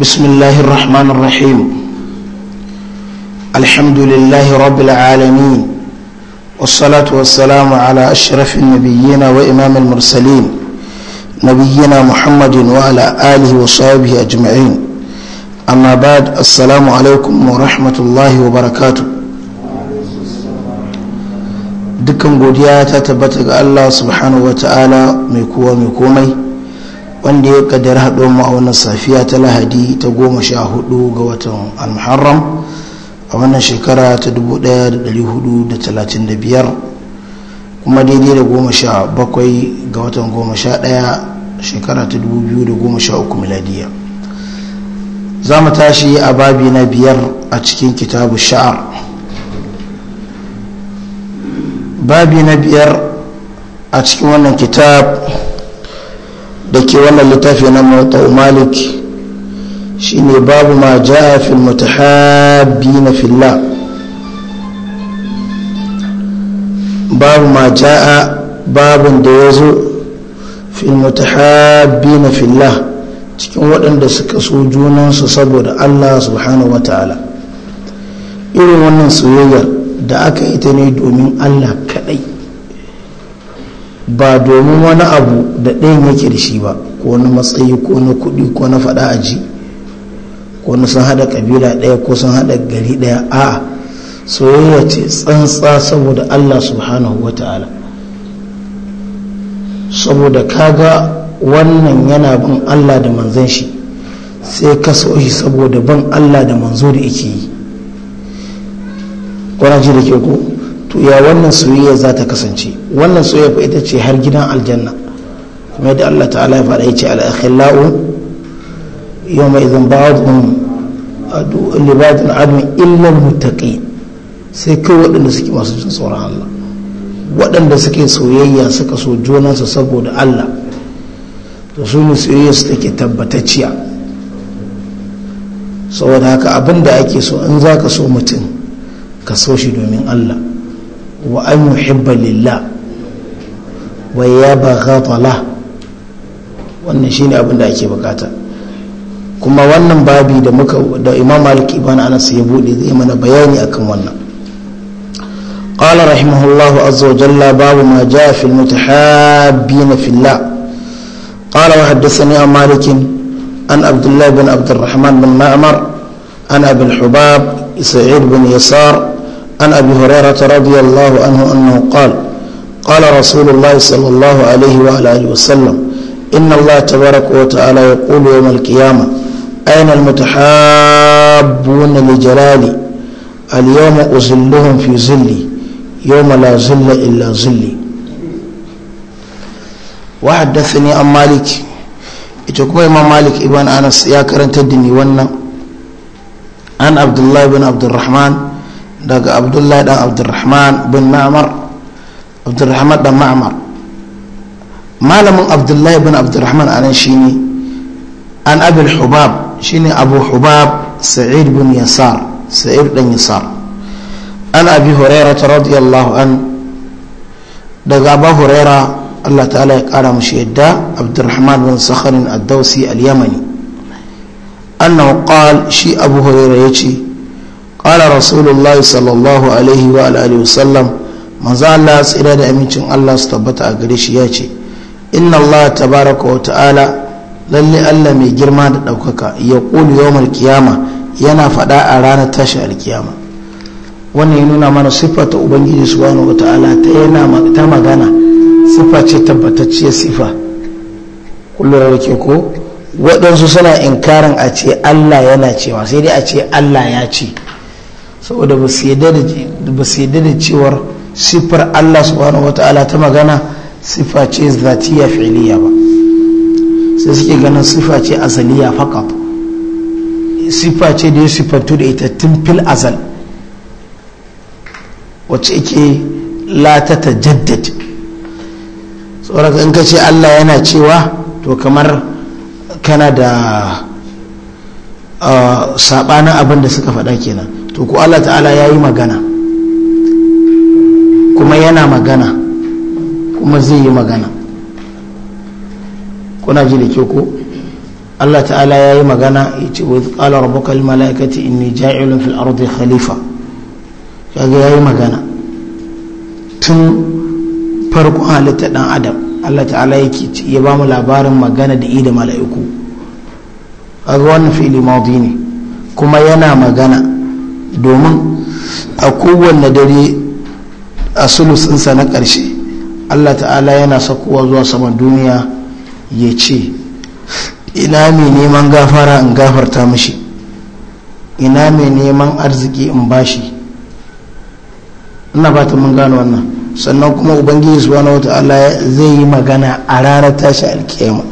بسم الله الرحمن الرحيم الحمد لله رب العالمين والصلاة والسلام على أشرف النبيين وإمام المرسلين نبينا محمد وعلى آله وصحبه أجمعين أما بعد السلام عليكم ورحمة الله وبركاته dukkan godiya ta tabbata ga Allah subhanahu wa ta'ala mai kowa mai komai wanda ya kadar haɗo mu a wannan safiya ta lahadi ta goma sha hudu ga watan al-muharram a wannan shekara ta biyar kuma daidai da goma sha bakwai ga watan goma sha ɗaya shekara ta 2013 miladiya za mu tashi a babi na biyar a cikin kitabu sha'ar babi na biyar a cikin wannan kitab da ke wannan littafi na mawata malik shine babu ma ja'a fil na fillah babu ma babin da ya zo fil na fillah cikin waɗanda suka so junansu saboda Allah subhanahu wa ta'ala irin wannan soyayyar da aka yi ta ne domin Allah ba domin wani abu da ɗayan yake da shi ba ko na matsayi ko na kuɗi ko na faɗa a ji ko na sun haɗa ƙabila ɗaya ko sun haɗa gari ɗaya a soyayya ce tsantsa saboda allah subhanahu wa ta'ala saboda kaga wannan yana bin allah da manzan shi sai ka so shi saboda ban allah da manzo da yake yi ƙwararci da ke ko to ya wannan soyayya za ta kasance wannan soyayya ita ce har gidan aljanna kuma yadda Allah ta'ala ya fara yace ce al-akhillau yawma idan ba'dhum libadin admin illa muttaqi sai kai waɗanda suke masu jin tsoron Allah waɗanda suke soyayya suka so junansu saboda Allah to su ne soyayya su take tabbatacciya saboda haka abinda ake so in zaka so mutum ka so shi domin Allah وأن يحب لله ويبغض له wannan shi ne abin da ake bukata kuma wannan babi da muka da imam maliki ibn anas ya bude zai mana bayani akan wannan qala rahimahullahu azza wa babu ma jaa fi mutahabbin fi llah qala wa haddathani imam malik an abdullah bin abd alrahman bin ma'mar ana bil hubab sa'id bin yasar عن أبي هريرة رضي الله عنه أنه قال قال رسول الله صلى الله عليه وعلى آله وسلم إن الله تبارك وتعالى يقول يوم القيامة أين المتحابون لجلالي اليوم أزلهم في ظلي يوم لا ظل إلا ظلي وحدثني عن مالك اتوكو إمام مالك ابن أنس يا كرنت الدنيا وانا عن عبد الله بن عبد الرحمن daga abdullahi dan abdurrahman bin ma'amar abdurrahman dan ma'amar malamin abdullahi bin abdurrahman a nan shine an hubab shine abu hubab sa'id bin yasar sa'id dan yasar an abi ta radiyallahu an daga abu hurairah Allah ta'ala ya kara mashi yadda abdurrahman bin sakharin ad-dawsi al-yamani annahu shi abu hurairah yace qala rasulullah sallallahu alaihi wa alihi wasallam manzo Allah tsira da amincin Allah su tabbata a gare shi ya ce inna Allah tabaraka wa ta'ala lalle Allah mai girma da ɗaukaka ya ƙuli yawmar kiyama yana faɗa a ranar tashi alkiyama wannan ya nuna mana siffa ta ubangiji wani wa ta'ala ta yana ta magana siffa ce tabbatacciya siffa kullum da ke ko waɗansu suna inkarin a ce Allah yana cewa sai dai a ce Allah ya ce saboda ba su yadda da cewar siffar Allah subhanahu wata'ala ta magana siffa ce zatiya fi'liya ba sai suke ganin siffa ce azaliya fakat siffa ce da ya siffantu da ita tun fil azal wacce ke latata jaddad tajaddad tsoron in ka ce Allah yana cewa to kamar kana da ah, sabanin abin da suka faɗa kenan to ku Allah ta'ala ya yi magana kuma yana magana kuma zai yi magana kuna ji da ke ko Allah ta'ala ya yi magana ya ce wa qala rabbuka lil mala'ikati inni ja'ilun fil ardi khalifa kaga ya yi magana tun farkon halitta dan adam Allah ta'ala ya yake ya ba mu labarin magana da ida mala'iku kaga wannan fi'li madi ne kuma yana magana domin a kowanne dare a sulusinsa na ƙarshe allah ta'ala yana sakowa zuwa saman duniya ya ce ina mai neman gafara in gafarta mashi ina mai neman arziki in bashi ina fata mun gano wannan sannan kuma ubangiji wata allah zai yi magana a ranar tashi alkiyama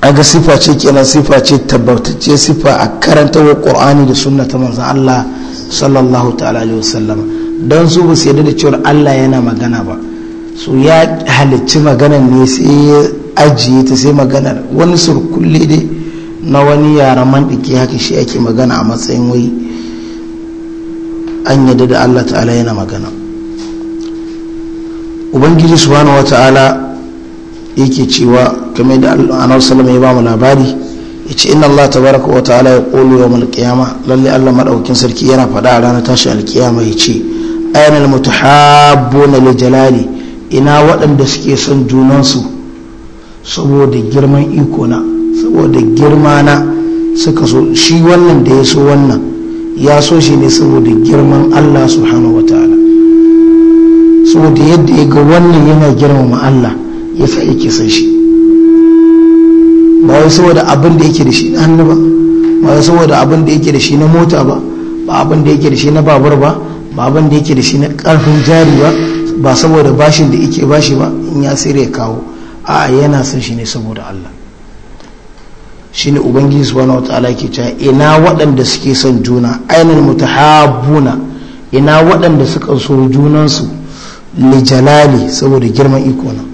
aga sifa ce kenan sifa ce tabbatacce sifa a karanta wa qur'ani da sunna ta manzon Allah sallallahu ta'ala alaihi wasallam dan su ba su yarda da cewa Allah yana magana ba su ya halicci maganar ne sai ya ajiye ta sai maganar wani surkulle dai na wani man mandiki haka shi ake magana a matsayin wai an yarda da Allah ta'ala yana magana ubangiji subhanahu wata'ala yake cewa kamar da annabi sallallahu ya ba mu labari yace inna Allah tabaraka wa ta'ala ya qulu yawmal qiyama lalle Allah madaukin sarki yana faɗa a ranar tashi alkiyama yace ayanal mutahabbuna li jalali ina waɗanda suke son junansu saboda girman iko na saboda girma na suka so shi wannan da ya so wannan ya so shi ne saboda girman Allah subhanahu wa ta'ala saboda yadda ya ga wannan yana girmama Allah ya sa yake san shi ba wai saboda abin da yake da shi na hannu ba ba wai saboda abin da yake da shi na mota ba ba abin da yake da shi na babur ba ba abin da yake da shi na karfin jari ba ba saboda bashin da yake bashi ba in ya sai ya kawo a yana son shi ne saboda Allah shi ne ubangiji subhanahu ta'ala ke cewa ina waɗanda suke son juna ainul habuna ina waɗanda suka so junansu li jalali saboda girman ikona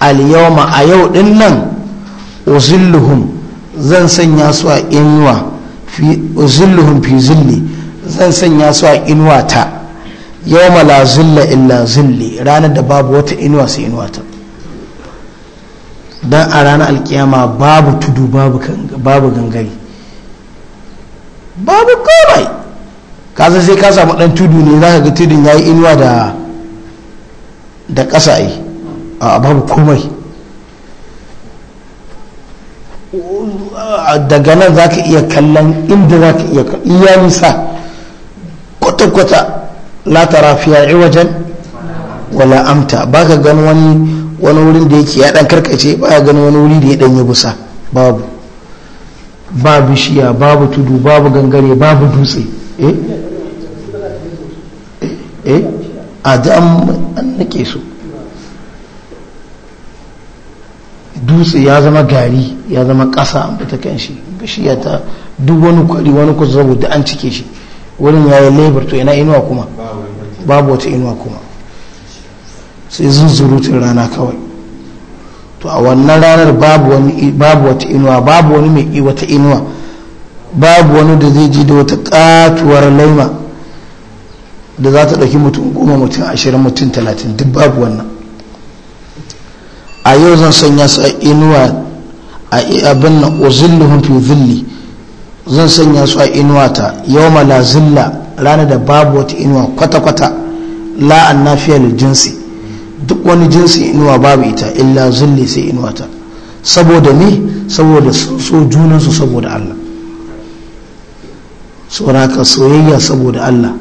al-yawma a yau din nan uzilluhum zan sanya su a inuwa fi uzilluhum fi zilli zan sanya su a inuwa ta yawma la zilla illa zilli ranar da babu wata inuwa sai inuwa ta dan a ranar alkiyama babu tudu babu gangare babu komai kasa sai ka samu dan tudu ne za ka ga tudun ya yi inuwa da da ƙasa yi a babu komai daga nan za ka iya kallon inda za ka iya iya nisa kwata-kwata la tara wajen wala amta ba ka gani wani wurin da yake ya dan karkace ba ka gani wani wuri da ya dan yi busa babu ba bishiya babu tudu babu gangare babu dutse eh eh, eh? a da an nake su dutse ya zama gari ya zama kasa an bata kan shi ya ta duk wani kwari wani kusa da an cike shi wurin ya yi labar to ina inuwa kuma babu wata inuwa kuma sai zunzurutun rana kawai to a wannan ranar babu wata inuwa babu wani mai wata inuwa babu wani da zai ji da wata katuwar laima da za ta ɗauki mutum goma mutum ashirin mutum talatin duk babu wannan a yau zan sanya su a inuwa a abin na uzilluhum fi zilli zan sanya su a inuwa ta yawma la zilla ranar da babu wata inuwa kwata-kwata la annafiya da jinsi duk wani jinsi inuwa babu ita illa zilli sai inuwa ta saboda ne saboda so junansu saboda Allah tsoraka soyayya saboda Allah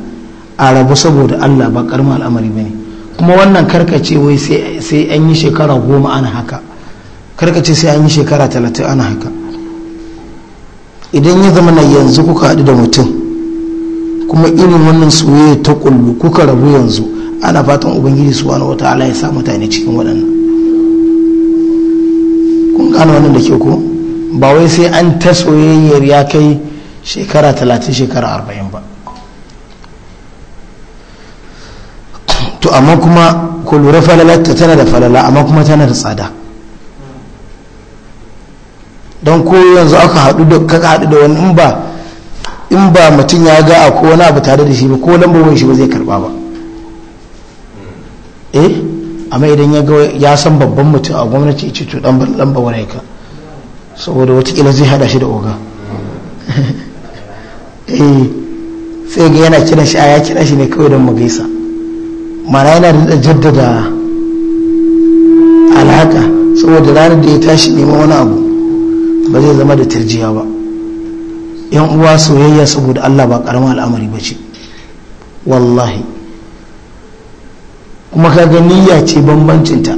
a rabu saboda Allah ba karmar al'amari ba ne. kuma wannan karkace wai sai an yi shekara goma ana haka karkace sai an yi shekara talatin ana haka idan ya zama na yanzu kuka haɗu da mutum kuma irin wannan soyayya ta kullu kuka rabu yanzu ana fatan ubangiji su wani wata ala ya sa mutane cikin waɗannan kun gane wannan da ke ko ba wai sai an ta soyayyar ya kai shekara talatin shekara arba'in ba to amma kuma ku lura ta tana da falala amma kuma tana da tsada don ko yanzu aka haɗu da kaka haɗu da wani in ba in ba mutum ya ga ko wani abu tare da shi ba ko lambobin shi ba zai karba ba eh amma idan ya ga ya san babban mutum a gwamnati ya ce to dan lamba wani ka saboda watakila zai hada shi da oga eh sai ga yana kiran shi a ya kira shi ne kawai don gaisa. mana yana da jaddada alaka saboda ranar da ya tashi neman wani abu ba zai zama da tirjiya ba yan uwa soyayya saboda allah ba karamin al'amari ba ce wallahi kuma ka ga niyya ce bambancinta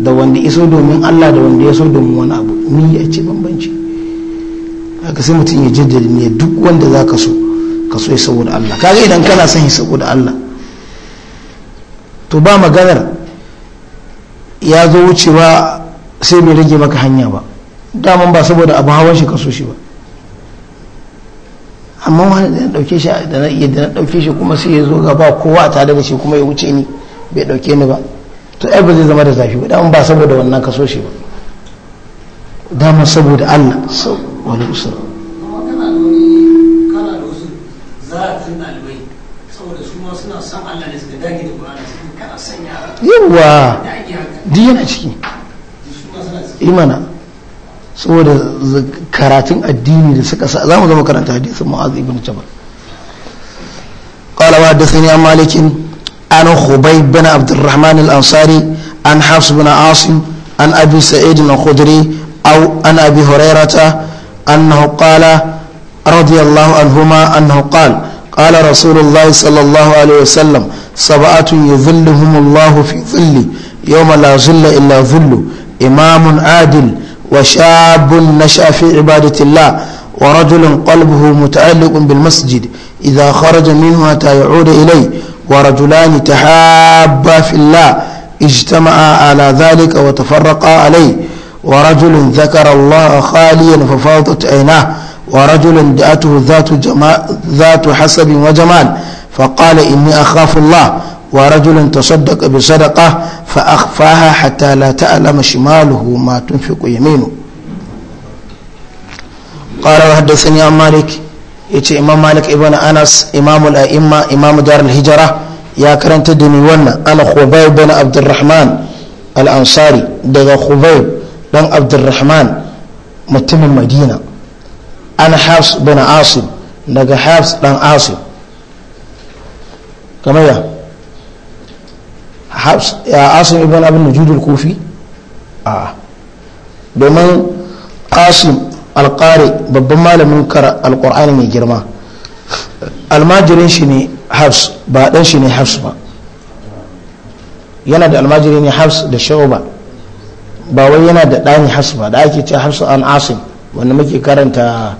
da wanda iso domin allah da wanda ya so domin wani abu niyya ce bambanci haka sai mutum ya jaddada niyya duk wanda za ka so ka so ya saboda allah ka ga idan kana son ya saboda allah to ba maganar ya zo wucewa sai bai rage maka hanya ba daman ba saboda abu hawan shi kaso shi ba amma wani da na dauke shi da na iya da na dauke shi kuma sai ya zo gaba kowa a tare da shi kuma ya wuce ni bai dauke ni ba to ai ba zai zama da zafi ba daman ba saboda wannan kaso shi ba daman saboda Allah wani usur saboda su ma suna san Allah ne suka dage yawa duk yana ciki imana eh saboda karatun addini da suka sa za mu zama karanta hadisin mu'az ibn jabal qala wa hadathani an malikin an khubayb bin abd arrahman al-ansari an hafs bin asim an abi sa'id al-khudri aw an abi hurairah annahu qala radiyallahu anhuma annahu qala qala rasulullah sallallahu alaihi wasallam سبعة يظلهم الله في ظل يوم لا ظل إلا ظل إمام عادل وشاب نشأ في عبادة الله ورجل قلبه متعلق بالمسجد إذا خرج منه حتى يعود إليه ورجلان تحابا في الله اجتمعا على ذلك وتفرقا عليه ورجل ذكر الله خاليا ففاضت عيناه ورجل دعته ذات, ذات حسب وجمال فقال إني أخاف الله ورجل تصدق بصدقة فأخفاها حتى لا تعلم شماله ما تنفق يمينه قال وحدثني عن مالك يتي إمام مالك ابن أنس إمام الأئمة إمام دار الهجرة يا كرنت دني ونا أنا خبيب بن عبد الرحمن الأنصاري دغ خبيب بن عبد الرحمن متم المدينة أنا حافظ بن عاصم دغ حافظ بن عاصم kamar ya asim ibn abin nujudul kofi a domin asim alƙari babban malamin kara alƙur'ani mai girma almajirin shi ne hafs ba ɗan shi ne hafs ba yana da almajiri ne hafs da shauba ba wai yana da ɗani hafs ba da ake ce hafs an asim wanda muke karanta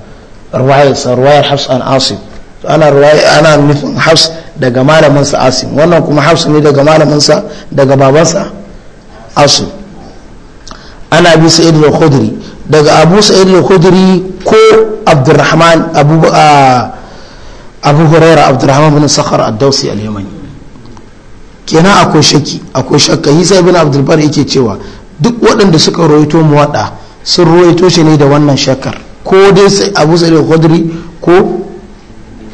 ruwayar hafs an asim to ana ruwaya ana nufin hafs daga malamin sa asim wannan kuma hafs ne daga malamin sa daga babansa asu ana bi sa'id al-khudri daga abu sa'id al-khudri ko abdurrahman abu ah, abu hurairah abdurrahman bin sakhar ad-dawsi al-yamani kenan akwai shakki akwai shakka isa ibn abdul bar yake cewa duk waɗanda suka mu muwaɗa sun rawaito shi ne da wannan shakar ko dai abu sa'id al-khudri ko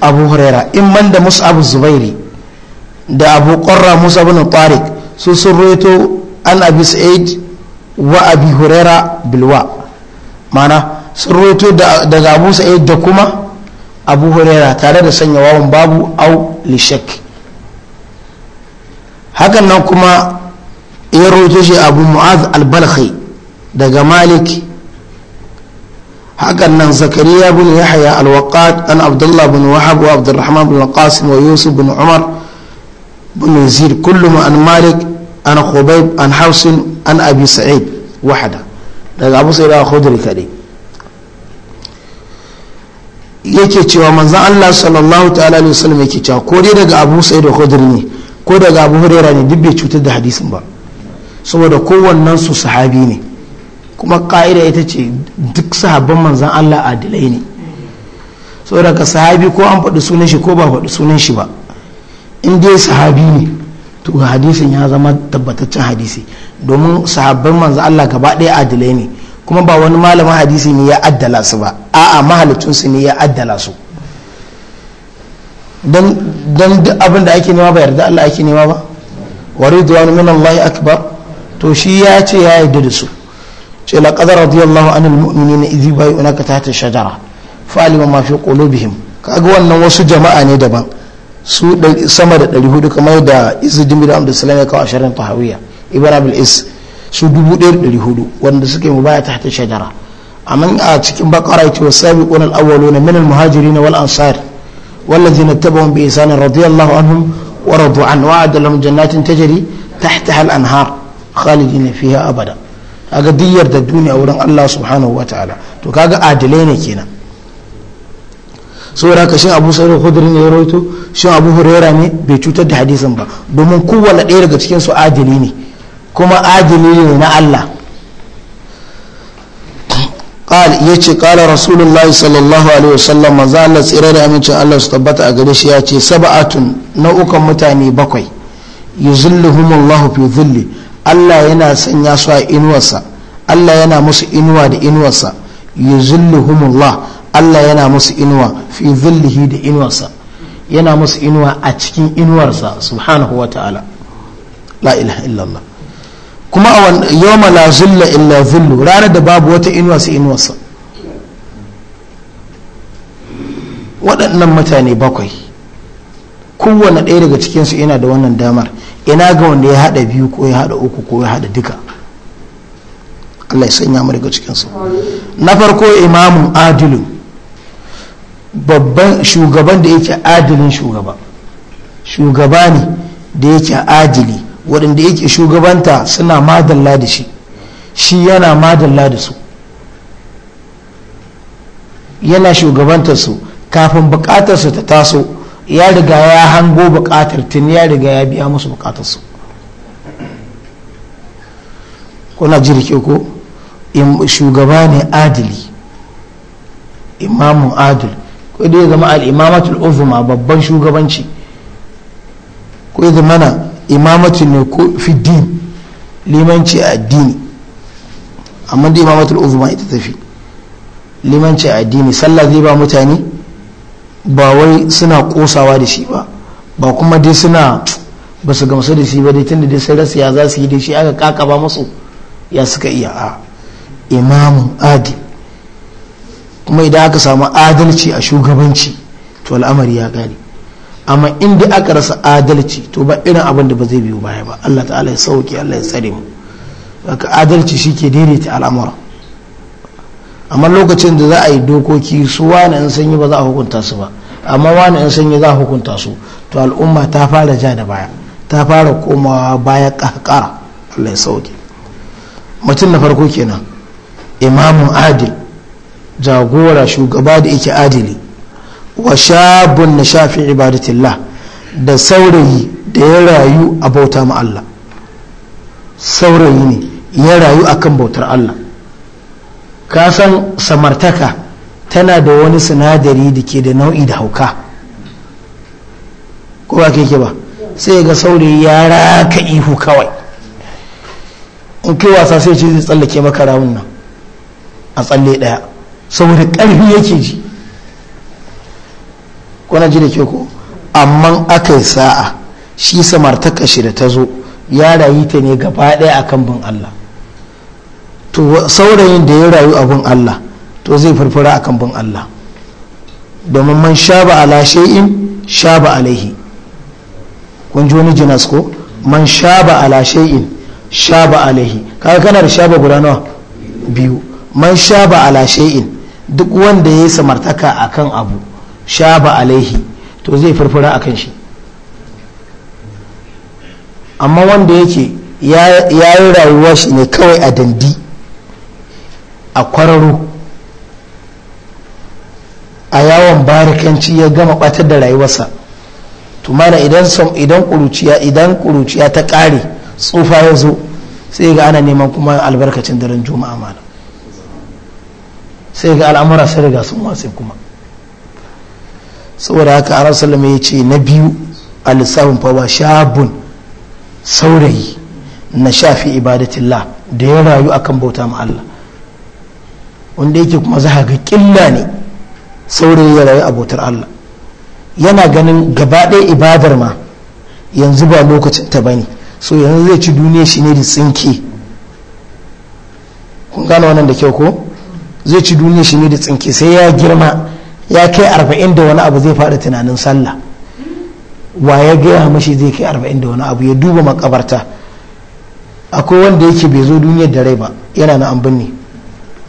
abu huraira in man da abu zubairi da abu ƙorra musa ibn tarik su sun roto an abi sa'id wa abi huraira bilwa mana sun roto daga abu sa'id da kuma abu huraira tare da sanya wawan babu au lishek hakan nan kuma ya roto shi abu mu'az al-balkhi daga malik hakan nan zakariya bin yahya alwaqat an abdullah bin wahab wa abdurrahman bin qasim wa yusuf bin umar bin zir kullum an malik an khubayb an hausin an abi sa'id wahada daga abu sa'id al-khudri kare yake cewa manzon Allah sallallahu ta'ala alaihi wasallam yake cewa ko dai daga abu sa'id al-khudri ne ko daga abu hurairah ne duk bai cutar da hadisin ba saboda kowannen su sahabi ne kuma ka'ida ita ce duk sahabban manzan Allah adilai ne saboda ka sahabi ko an faɗi sunan shi ko ba faɗi sunan shi ba in dai sahabi ne to hadisin ya zama tabbataccen hadisi domin sahabban manzan Allah gaba ɗaya adilai ne kuma ba wani malamin hadisi ne ya addala su ba a'a mahalicin su ne ya addala su don duk abin da ake nema ba yarda Allah ake nema ba wa ridwanu min Allah akbar to shi ya ce ya yarda da su ce laƙadar radiyallahu anil mu'mini na izi ka unaka ta ta shajara fa'alima ma fi ƙulubihim kaga wannan wasu jama'a ne daban su sama da ɗari kamar da izi dimi da amda salami kawo ashirin ta hawiya ibn abil su dubu ɗari ɗari hudu wanda suke mu baya ta ta shajara amma a cikin bakara ce wa sabi ƙunan awalo na minal muhajiri na wal ansar wallazi na taba wani bai sani radiyallahu anhum wa radu an wa'adalam jannatin tajari tahtaha al-anhar khalidina fiha abada kaga duk yarda duniya wurin Allah subhanahu ta'ala to kaga adilai ne kenan saboda ka shin abu sarar khudri ya rawaito shin abu huraira ne bai cutar da hadisin ba domin kowane ɗaya daga cikin su adili ne kuma adili ne na Allah قال يجي قال رسول الله صلى الله عليه وسلم ما زال تسيرر أمينة الله ستبت أقريش ياتي سبعة bakwai متاني بقي يظلهم الله في ظله Allah yana sanya su a inuwarsa Allah yana musu inuwa da inuwarsa yuzilluhumullah Allah yana musu inuwa fi zillihi da inuwarsa yana musu inuwa a cikin inuwarsa subhanahu wa ta'ala la ilaha illallah kuma a yawma la zilla illa zillu ranar da babu wata inuwa su inuwarsa waɗannan mutane bakwai kowane ɗaya daga cikinsu yana da wannan damar ina ga wanda ya hada biyu ko ya hada uku ko ya hada duka Allah ya sanya mu daga cikin su na farko imamun adilu babban shugaban da yake adilin shugaba shugaba ne da yake adili waɗanda yake shugabanta suna madalla da shi shi yana madalla da su yana shugabantar su kafin bukatarsu ta taso ya riga ya hango bukatar tun ya riga ya biya musu bukatarsu kuna jirke ko shugaba ne adili imamun adil ko dai zama al'imamatul uzuma babban shugabanci ko ya zama na imamatul ne ko fi din limanci a addini amma da imamatul uzuma ita tafi limanci a addini sallah zai ba mutane ba wai suna kosawa da shi ba ba kuma dai suna ba su gamsu da shi ba dai da dai sun rasa ya za su yi da shi aka ba masu ya suka iya a imamun adi kuma idan aka samu adalci a shugabanci to al'amari ya gane amma inda aka rasa adalci to ba irin abin da ba zai biyo baya ba Allah ta'ala ya sauke Allah ya tsare mu aka adalci shi ke daidaita al'amura amma lokacin da za a yi dokoki su wani in sanyi ba za a hukunta su ba amma wani in sanyi za a hukunta su to al'umma ta fara ja da baya ta fara komawa baya kakara allai ya mutum na farko kenan imamun adil jagora shugaba da yake adili wa shabun na shafi ibadatillah da saurayi da ya rayu a bauta ma Allah saurayi ne ya rayu a kan bautar Allah kasan samartaka tana da wani sinadari da ke da nau'i da hauka ko ba ke ba sai ga saurayi ya raka ihu kawai in kai wasa sai ce zai tsallake maka rawun nan a tsalle daya saboda karfi yake ji kuna ji da ke ko amma aka yi sa'a shi samartaka shi da ta zo ya rayu ta ne gaba daya akan bin Allah to saurayin da ya rayu abin Allah to zai farfara akan bin Allah domin man shaba ala shay'in shaba alaihi kun ji wani jinas ko man shaba ala shay'in shaba alaihi kaga kana da shaba guda nawa biyu man shaba ala shay'in duk wanda ya yi samartaka akan abu shaba alaihi to zai farfara akan shi amma wanda yake ya yi rayuwa shi ne kawai a dandi a kwararo a yawon barikanci ya gama ɓatar da rayuwarsa tumana idan idan kuruciya idan kuruciya ta ƙare tsufa ya zo sai ga ana neman kuma albarkacin daren juma'a mana sai ga al'amura sai riga sun wasu kuma saboda haka a rasulullah ya ce na biyu a lissafin fawa shabun saurayi na shafi ibadatillah da ya rayu akan bauta ma Allah wanda yake kuma za ga killa ne saurayi ya rayu abotar Allah yana ganin gaba ɗaya ibadar ma yanzu ba lokacin ta bane so yanzu zai ci duniya shi ne da tsinke kun wannan da kyau ko zai ci duniya shi ne da tsinke sai ya girma ya kai arba'in da wani abu zai faɗi tunanin sallah wa ya gaya mashi zai kai arba'in da wani abu ya duba makabarta akwai wanda yake bai zo duniyar da rai ba yana na an binne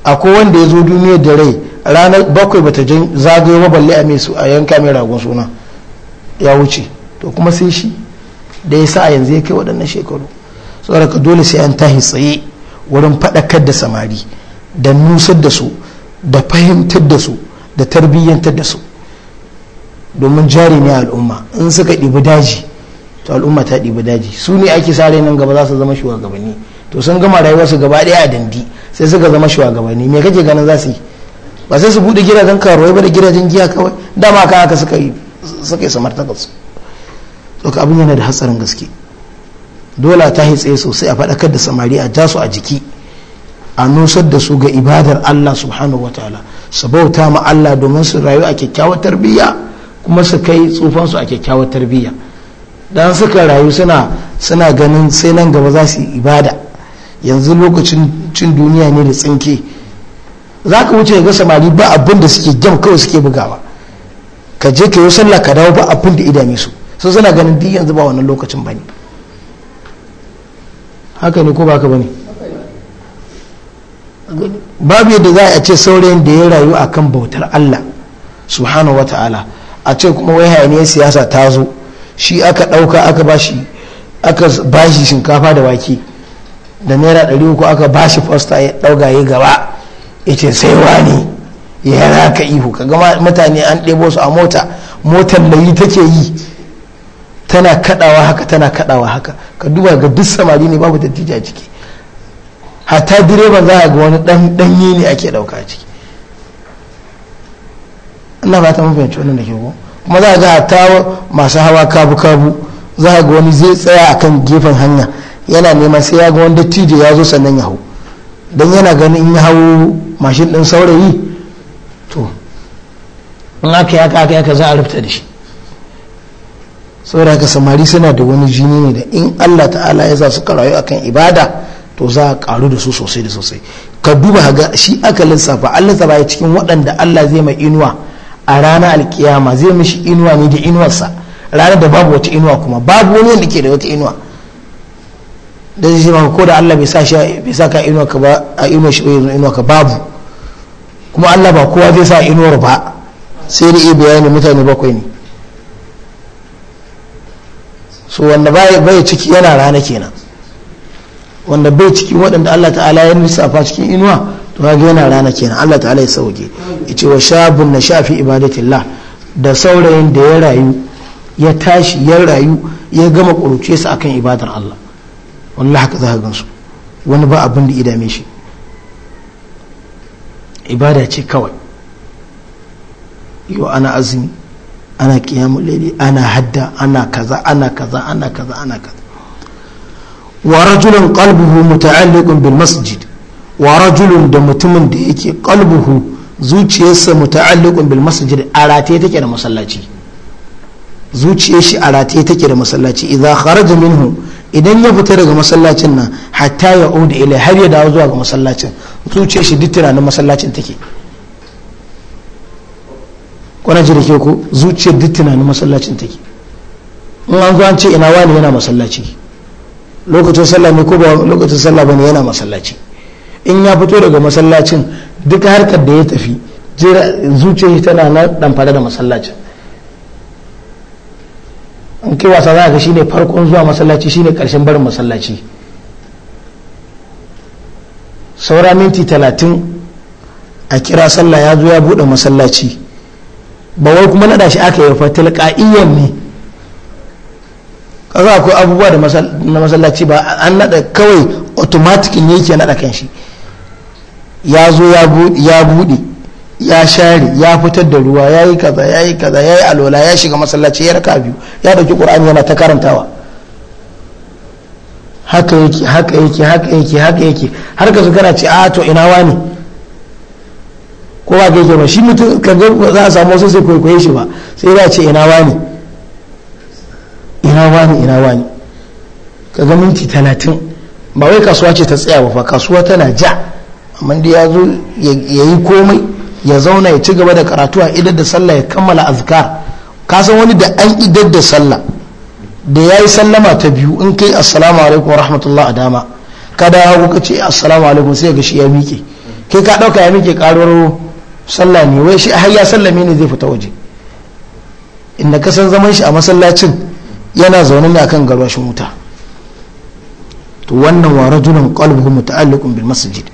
akwai wanda ya zo duniyar da rai ranar bakwai bata zagayo ba balle a mai a yanka mai ragon suna ya wuce to kuma sai shi da ya sa a yanzu ya kai waɗannan shekaru saboda dole sai an tahi tsaye wurin faɗakar da samari da nusar da su da fahimtar da su da tarbiyyantar da su domin jari ne al'umma in suka ɗibi daji to al'umma ta ɗibi daji su ne ake sare nan gaba za su zama shugabanni to sun gama rayuwarsu gaba ɗaya a dandi sai suka zama shugabanni me kake ganin za su yi ba sai su bude gidajen karuwai ba da gidajen giya kawai dama ka haka suka yi suka yi ta su to abin yana da hatsarin gaske dole ta yi tsaye sosai a faɗakar da samari a ja su a jiki a nusar da su ga ibadar Allah subhanahu wa ta'ala su bauta ma Allah domin su rayu a kyakkyawar tarbiyya kuma su kai tsufansu a kyakkyawar tarbiyya dan suka rayu suna suna ganin sai nan gaba za su yi ibada yanzu lokacin cin duniya ne da tsinke za ka wuce ga samari ba abin suke jam kawai suke bugawa ka je ka yi sallah ka dawo ba abin da idame su suna ganin duk yanzu ba wannan lokacin ba ne haka ne ko ba ka ba ne babu yadda za a ce saurayin da ya rayu a kan bautar Allah subhanahu wa ta'ala a ce kuma wai hayaniyar siyasa ta zo shi aka ɗauka aka bashi aka bashi shinkafa da wake da naira ɗari uku aka ba shi fasta ya ɗaugaye gaba ya ce sai wani ya yana ka ihu ka gama mutane an ɗebo su a mota motar da yi take yi tana kaɗawa haka tana kaɗawa haka ka duba ga duk samari ne babu dattija ciki hatta direban za a ga wani ɗan ɗanye ne ake ɗauka a ciki ina ba ta mafi wannan da ke ko kuma za a ga hatta masu hawa kabu kabu za a ga wani zai tsaya akan gefen hanya yana neman sai ya ga wanda dattijo ya zo sannan ya hau don yana ganin ya hau mashin ɗin saurayi to in aka yi aka yaka za a rubuta da shi saboda haka samari suna da wani jini ne da in allah ta'ala ya za su karayu akan ibada to za a karu da su sosai da sosai ka duba ga shi aka lissafa allah ta baya cikin waɗanda allah zai mai inuwa a ranar alkiyama zai mishi inuwa ne da inuwarsa ranar da babu wata inuwa kuma babu wani wanda ke da wata inuwa da zai maka ko da Allah bai sa bai sa ka inuwa ka ba a inuwa shi bai inuwa ka babu kuma Allah ba kowa zai sa inuwar ba sai da bayani mutane bakwai ne so wanda bai ciki yana rana kenan wanda bai ciki waɗanda Allah ta'ala ya fa cikin inuwa to ga yana rana kenan Allah ta'ala ya sauke yace wa shabun na shafi ibadatillah da saurayin da ya rayu ya tashi ya rayu ya gama kuruce su akan ibadar Allah wallahi haka za ka gansu wani ba abin da idame shi ibada ce kawai yau ana azumi ana kiyamun laili ana hadda ana kaza ana kaza ana kaza ana kaza wa rajulun qalbuhu muta'alliqun bil masjid wa rajulun da mutumin da yake qalbuhu zuciyarsa muta'alliqun bil masjid a rataye take da masallaci zuciyar shi a rataye take da masallaci idan kharaja minhu idan ya fita daga masallacin nan hatta ya uda ila har ya dawo zuwa ga masallacin zuciyar shi duk tunanin masallacin take kuna ji da ke ku zuciyar duk tunanin masallacin take in an zo an ce ina wani yana masallaci lokacin sallah ne ko ba lokacin sallah bane yana masallaci in ya fito daga masallacin duk harkar da ya tafi zuciyar shi tana nan dan fada da masallacin in ke wasa za ga shine farkon zuwa masallaci shine karshen barin masallaci saura minti talatin a kira sallah ya zo ya buɗe masallaci ba wai kuma naɗa shi aka yi fa tilqa'iyyan ne kaza akwai abubuwa da na masallaci ba an nada kawai automatic ne yake naɗa kan shi ya zo ya buɗe ya share ya fitar da ruwa ya yi kaza ya yi kaza ya yi alola ya shiga masallaci ya raka biyu ya dauki qur'ani yana ta karantawa haka yake haka yake haka yake haka yake har ka kana ce a ah, to ina wani ko ba ke ba shi mutum ga za a samu wasu sai kwaikwaye shi ba sai ya ce ina wani ina wani ina wani Ka ga minti talatin ba wai kasuwa ce ta tsaya ba fa kasuwa tana ja amma dai ya zo ya yi komai ya zauna ya ci gaba da karatu a idar da sallah ya kammala azkar ka san wani da an idar da sallah da ya yi sallama ta biyu in kai assalamu alaikum rahmatullah a dama ka da hagu ka ce assalamu alaikum sai ga shi ya miƙe kai ka ɗauka ya miƙe ƙaruwar sallah ne wai shi har ya sallame ne zai fita waje inda ka san zaman shi a masallacin yana zaune ne akan garwashin wuta to wannan wa rajulun qalbuhu muta'alliqun bil masjid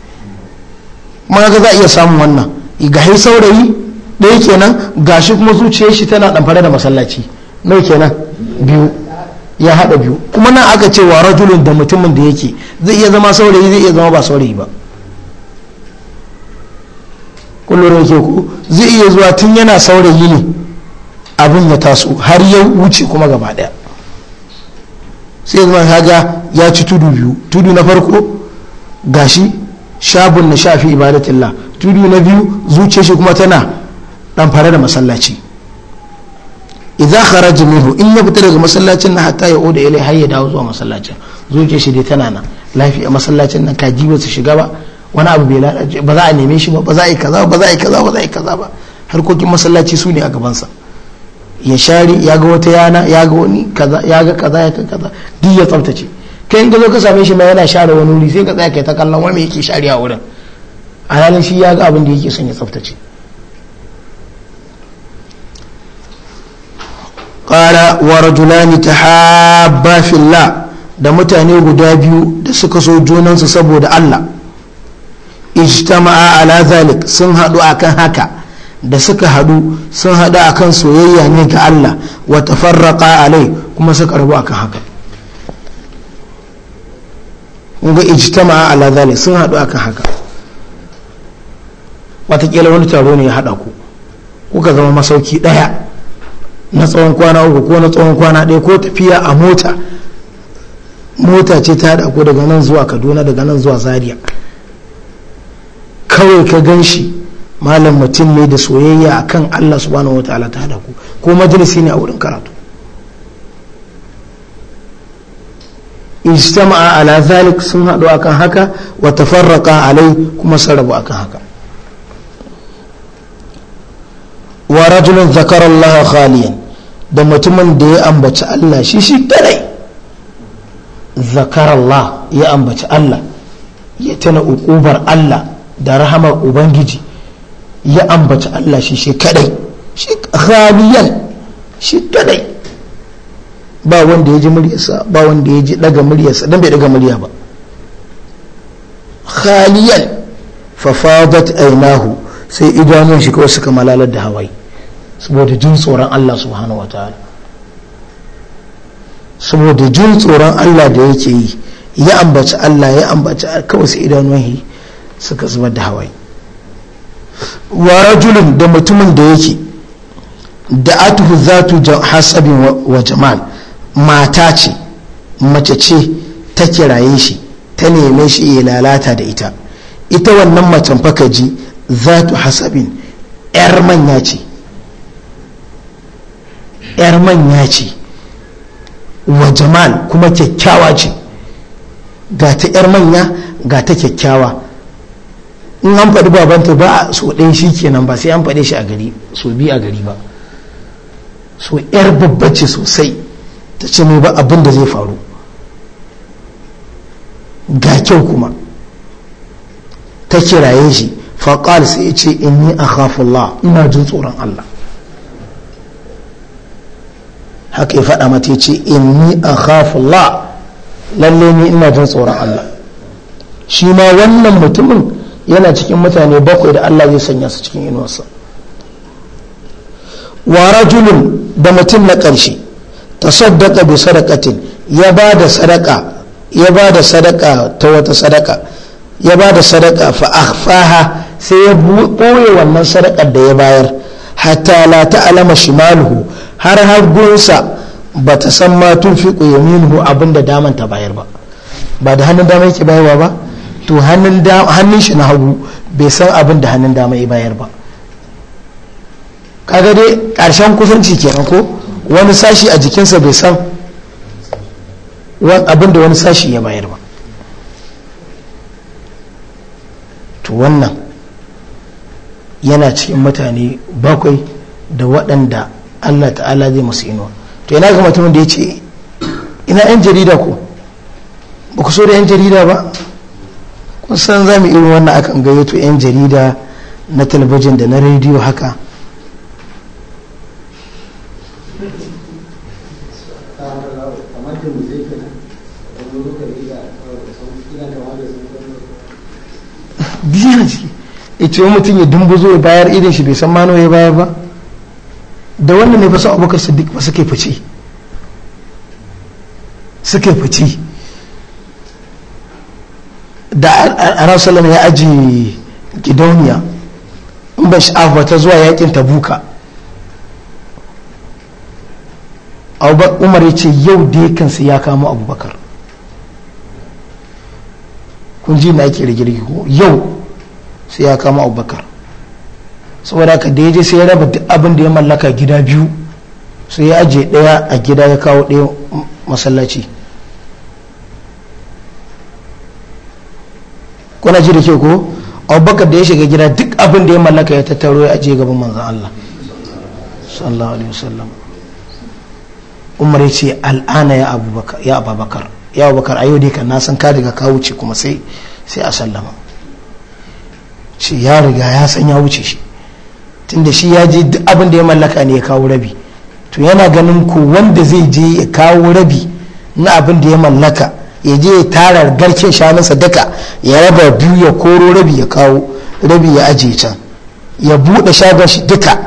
ma ga za a iya samun wannan gahi saurayi ɗaya kenan gashi kuma zuciyar shi tana ɗamfare da masallaci nau kenan biyu ya haɗa biyu kuma nan aka ce wa rajulun da mutumin da yake zai iya zama saurayi zai iya zama ba saurayi ba kullum yake ku zai iya zuwa tun yana saurayi ne abin ya taso har ya wuce kuma gaba ɗaya sai zama haga ya ci tudu biyu tudu na farko gashi shabun na shafi ibadatillah tudu na biyu zuce shi kuma tana dan fara da masallaci idza kharaja minhu in ya fita daga masallacin na hatta ya oda ilai har ya dawo zuwa masallacin zuce shi dai tana nan lafiya masallacin nan ka ba su shiga ba wani abu bai lalace ba za a neme shi ba ba za a yi kaza ba za a yi kaza ba za a yi kaza ba harkokin masallaci su ne a gabansa ya share ya ga wata yana ya ga wani kaza ya ga kaza ya kaza duk ya tsaftace kai in ka zo ka same shi ma yana share wani wuri sai ka tsaya kai ta kallon wani yake shari a wurin alhalin shi ya ga abin da yake son ya tsaftace ƙara wa ta haɓa filla da mutane guda biyu da suka so junansu saboda Allah ijtama'a ala zalik sun haɗu akan haka da suka haɗu sun haɗu akan soyayya ne ga Allah wa tafarraqa alai kuma suka rabu akan haka ga ijtama'a ala zalik sun haɗu akan haka watakila wani taro ne ya haɗa ku kuka zama masauki ɗaya na tsawon kwana uku ko na tsawon kwana ɗaya ko tafiya a mota mota ce ta haɗa ku daga nan zuwa kaduna daga nan zuwa zaria kawai ka gan shi malam mutum ne da soyayya a kan allah subhanahu ala ta haɗa ku ko majalisi ne a wurin karatu ijtama'a ala zalik sun haɗu akan haka wa tafarraqa alai kuma sarrafa akan haka wa rajulun zakara khaliyan da mutumin da ya ambaci Allah shi shi kadai zakarallah ya ambaci Allah ya tana ukubar Allah da rahamar ubangiji ya ambaci Allah shi shi kadai shi khaliyan shi kadai ba wanda ya ji muryarsa ba wanda ya ji daga muryarsa dan bai daga murya ba khaliyan fa fadat aynahu sai idanun shi kawai suka malalar da hawaii saboda jin tsoron Allah subhanahu wa ta'ala saboda jin tsoron Allah da yake yi ya ambaci Allah ya ambaci kawai sai idanun shi suka zubar da hawaii wa rajulun da mutumin da yake da atuhu zatu hasabin wa jamal mata ce mace ce ta kiraye shi ta neme shi ya lalata da ita ita wannan macen fakaji zatu hasabin yar manya ce yar manya ce wa jamal kuma kyakkyawa ce ga ta yar manya ga ta kyakkyawa in an faɗi babanta ba a so ɗaya shi kenan ba sai an faɗe shi a gari so bi a gari ba so yar babba ce sosai ta ce mai ba abin da zai faru ga kyau kuma ta kiraye shi faƙal sai ce in yi a khafullah ina jin tsoron Allah haka ya faɗa mata ya ce in yi a khafullah lalle ni ina jin tsoron Allah shi ma wannan mutumin yana cikin mutane bakwai da Allah zai sanya su cikin inuwarsa wa rajulun da mutum na ƙarshe ta saddaka bi sadakatin ya ba da sadaka ya ba da sadaka ta wata sadaka ya ba da sadaka fa sai ya ɓoye wannan sadakar da ya bayar hatta la alama shimaluhu har hagunsa ba ta san ma ƙoyominu abin abinda daman ta bayar ba ba da hannun dama yake bayarwa ba to hannun shi na hagu bai san abin da hannun dama ya bayar ba kaga dai karshen kusanci kenan ko wani sashi a jikinsa bai san abin da wani sashi ya bayar ba to wannan yana cikin mutane bakwai da waɗanda Allah ta'ala zai masu inuwa to yana ga mutumin da ya ce ina 'yan jarida ko ba ku so da 'yan jarida ba kun san za mu irin wannan akan gayyato 'yan jarida na talabijin da na rediyo haka jiki sai mutum ya dumbuzo ya bayar irin shi bai san ma ya bayar ba da wannan ne fasa abubakar siddiq ba suke fice suke fice da arasalama ya aji gidauniya in ba sha'af ba ta zuwa yakin tabuka umar ya ce yau da ya kansa ya kamo abubakar kun ji na ake rigirgi yau sai ya kama abubakar saboda haka da ya je sai ya raba duk abin da ya mallaka gida biyu sai ya ajiye ɗaya a gida ya kawo ɗaya masallaci kuna ji da ke ko abubakar da ya shiga gida duk abin da ya mallaka ya tattaro ya ajiye gaban manzan Allah sallallahu alaihi wasallam umar ya ce al'ana ya abubakar ya abubakar ya abubakar ayo dai kan na san ka daga ka wuce kuma sai sai a sallama ce ya riga ya san ya wuce shi tunda shi ya je duk abin da ya mallaka ne ya kawo rabi to yana ganin ko wanda zai je ya kawo rabi na abin da ya mallaka ya je ya tara garken shanunsa sadaka ya raba biyu ya koro rabi ya kawo rabi ya ajiye can ya buɗe shagon shi duka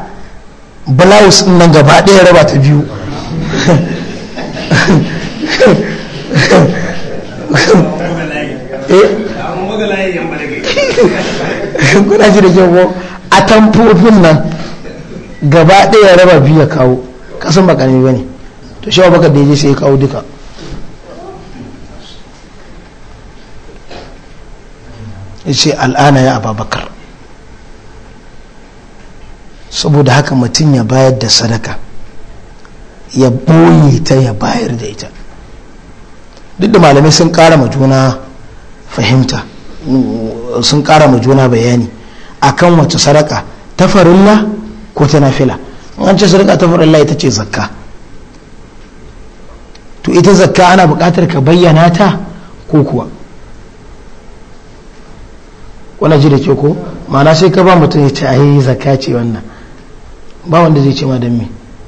blouse din nan gaba ɗaya raba ta biyu eh kuna ji da kyau a tamfofin nan gaba ɗaya raba biyu ya kawo kasan ba ƙarami ba ne to shi baka da ya je sai kawo duka ya ce al'ana ya ababakar saboda haka mutum ya bayar da sadaka ya boye ta ya bayar da ita duk da malamai sun kara ma juna fahimta sun kara ma juna bayani akan wace sadaka ta farilla ko ta nafila an ce sadaka ta farilla ita ce zakka to ita zakka ana buƙatar ka bayyana ta ko kuwa wani ji da ke ko ma'ana sai ka ba mutum ya ce a yi zakka ce wannan ba wanda zai ce ma don me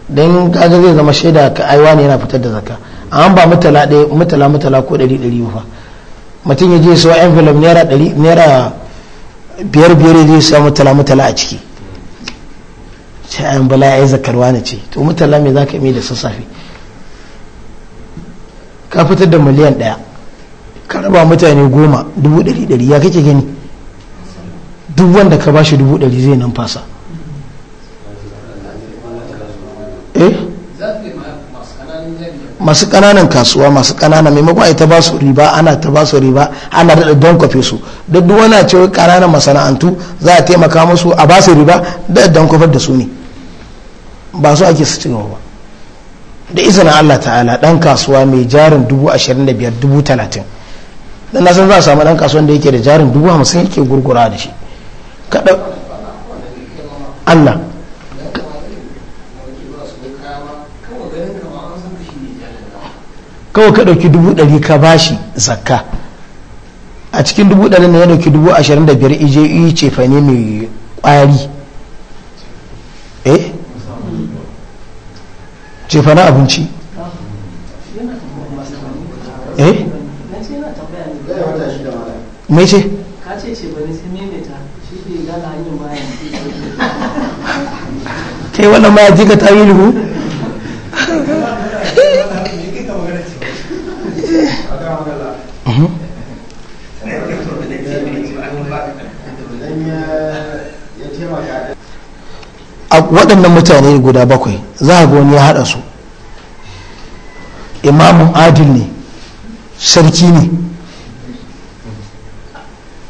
don kaga zai zama shaida ka aiwa ne yana fitar da zakka amma ba mutala mutala ko ɗari ɗari ba mutum ya je sawa envelope naira ɗari naira biyar biyar ya je sawa mutala mutala a ciki sai an bala ya yi zakarwa na ce to mutala me za ka yi da sassafe ka fitar da miliyan ɗaya ka raba mutane goma dubu ɗari ɗari ya kake gani duk wanda ka ba shi dubu ɗari zai nan fasa eh masu kananan kasuwa masu kananan maimakon ai ta ba su riba ana ta ba su riba ana da don kwafe su duk duk wani ce ƙananan masana'antu za a taimaka musu a ba su riba da don kwafar da su ne ba su ake su ci gaba ba da izinin Allah ta'ala dan kasuwa mai jarin dubu ashirin da biyar dubu talatin dan na za a samu dan kasuwan da yake da jarin dubu hamsin yake gurgura da shi kaɗa Allah kawai ka ɗauki dubu ɗari ka bashi zakka a cikin dubu ɗari na ya ɗauki dubu ashirin da biyar ije yi cefane mai ƙwari eh cefane abinci eh mai ce kai wannan ma ya ka tayi a waɗannan mutane guda bakwai za a wani ya haɗa su imamun adil ne sarki ne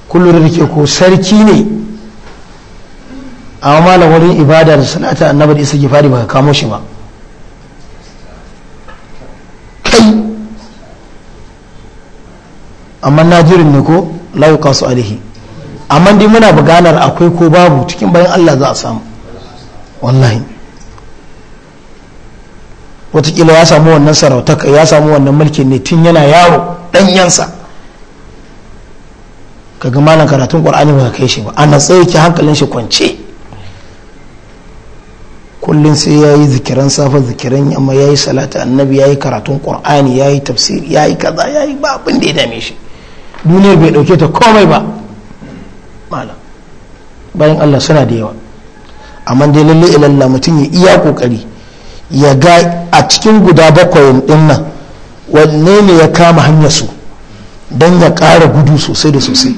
kullum da ke ko sarki ne amma malam wurin ibada da salata annabar isa gifari ba kamo shi ba kai amma najirin ne ko layuka su alihi amma dai muna buganar akwai ko babu cikin bayan allah za a samu wallahi watakila ya samu wannan sarautaka ya samu wannan mulkin ne tun yana yaro yansa ka ga malam karatun ƙwar'ani ba kai shi ba ana tsaye ki hankalin shi kwance kullum sai ya yi zikiran safa zikiran yamma ya yi salata annabi ya yi karatun ƙwar'ani ya yi tafsir ya yi kaza ya yi ba abin da ya dame shi duniyar bai ɗauke ta komai ba malam bayan allah suna da yawa amma dai lalle ilalla mutum ya iya kokari ya ga a cikin guda bakwai din nan wanne ne ya kama hanyar su don ya ƙara gudu sosai da sosai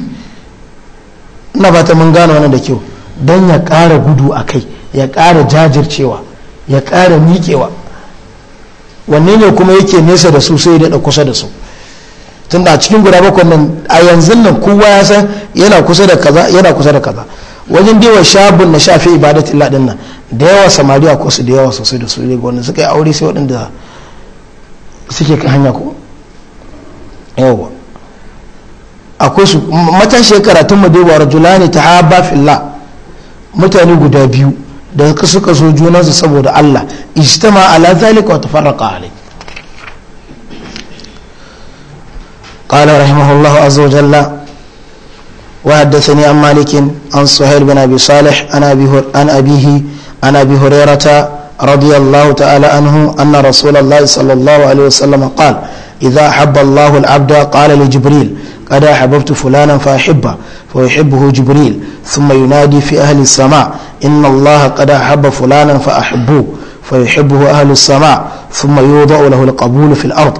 ina ba ta mun gane wannan da kyau don ya ƙara gudu a kai ya ƙara jajircewa ya ƙara miƙewa wanne ne kuma yake nesa da su sai da kusa da su tunda a cikin guda bakwai nan a yanzu nan kowa ya san yana kusa da kaza yana kusa da kaza wajen biwa shabun na shafi ibadat illa din nan da yawa samariya ko su da yawa sosai da su daga wanda suka yi aure sai waɗanda suke kan hanya ko yawa akwai su matashi karatun mu dai warjula ne ta haba fillah mutane guda biyu da suka so junansu saboda Allah ijtama ala zalika wa tafarraqa alai qala rahimahullahu azza wa jalla وحدثني عن مالك عن سهيل بن أبي صالح عن, أبي عن أبيه عن أبي هريرة رضي الله تعالى عنه أن رسول الله صلى الله عليه وسلم قال إذا أحب الله العبد قال لجبريل قد أحببت فلانا فأحبه فيحبه جبريل ثم ينادي في أهل السماء إن الله قد أحب فلانا فأحبوه فيحبه أهل السماء ثم يوضع له القبول في الأرض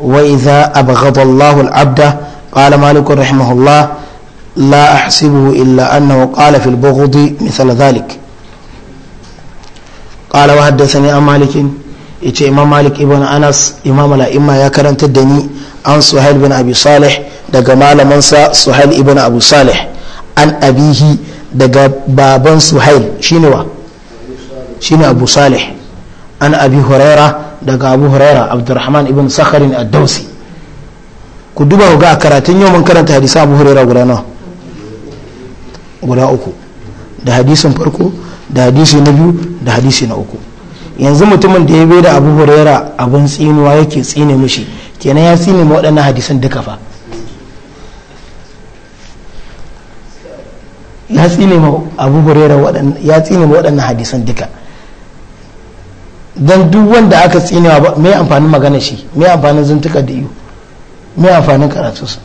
وإذا أبغض الله العبد قال مالك رحمه الله لا أحسبه إلا أنه قال في البغض مثل ذلك قال وحدثني عن مالك yace imam malik ibn anas imam ya karanta da ni an suhail bin abi salih daga malamansa suhail ibn abu salih an abihi daga baban suhail shine wa abu salih an abi huraira daga abu huraira abdurrahman ibn sakharin ku duba ga a karatun yau mun karanta hadisa abu hurera guda nawa guda uku da hadisin farko da hadisi na biyu da hadisi na uku yanzu mutumin da ya bai da abu hurera abun tsinuwa yake tsine mishi kenan ya tsine ma waɗannan hadisan duka fa ya tsine ma abu huraira ya tsine ma waɗannan hadisan duka don duk wanda aka tsinewa ba mai amfanin magana shi mai amfanin zantuka da iyo mai amfanin karatunsa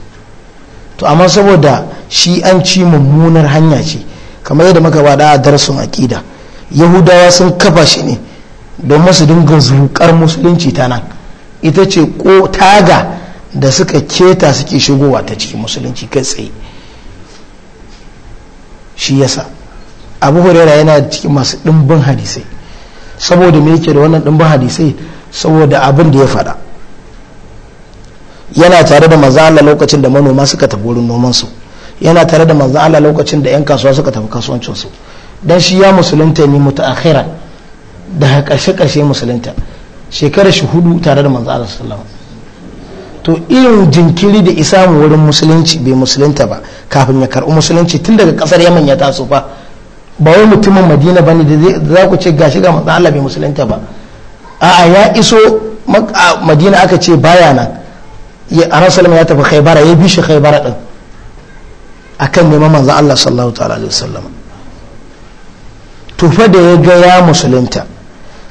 to amma saboda shi an ci mummunar hanya ce kamar yadda muka bada a darasin aƙida yahudawa sun kafa shi ne don masu dinga zukar musulunci ta nan ita ce ko taga da suka keta suke shigowa ta ciki musulunci kai tsaye shi yasa abu huraira yana ciki masu ɗimbin hadisai saboda me yake da wannan ɗimbin hadisai saboda abin da ya faɗa yana tare da maza'ala lokacin da manoma suka tafi wurin noman su yana tare da maza'ala lokacin da yan kasuwa suka tafi kasuwancin su dan shi ya musulunta ne mutaakhira da kashe kashe musulunta shekarar shi hudu tare da manzo Allah sallallahu to irin jinkiri da isa mu wurin musulunci bai musulunta ba kafin ya karɓi musulunci tun daga kasar yaman ya taso fa ba wai mutumin madina bane da za ku ce gashi ga manzo Allah bai musulunta ba a'a ya iso madina aka ce baya nan annabi sallama ya tafi khaybara ya bi shi khaybara din akan neman manzo Allah sallallahu ta'ala alaihi wasallam to da ya ga ya musulunta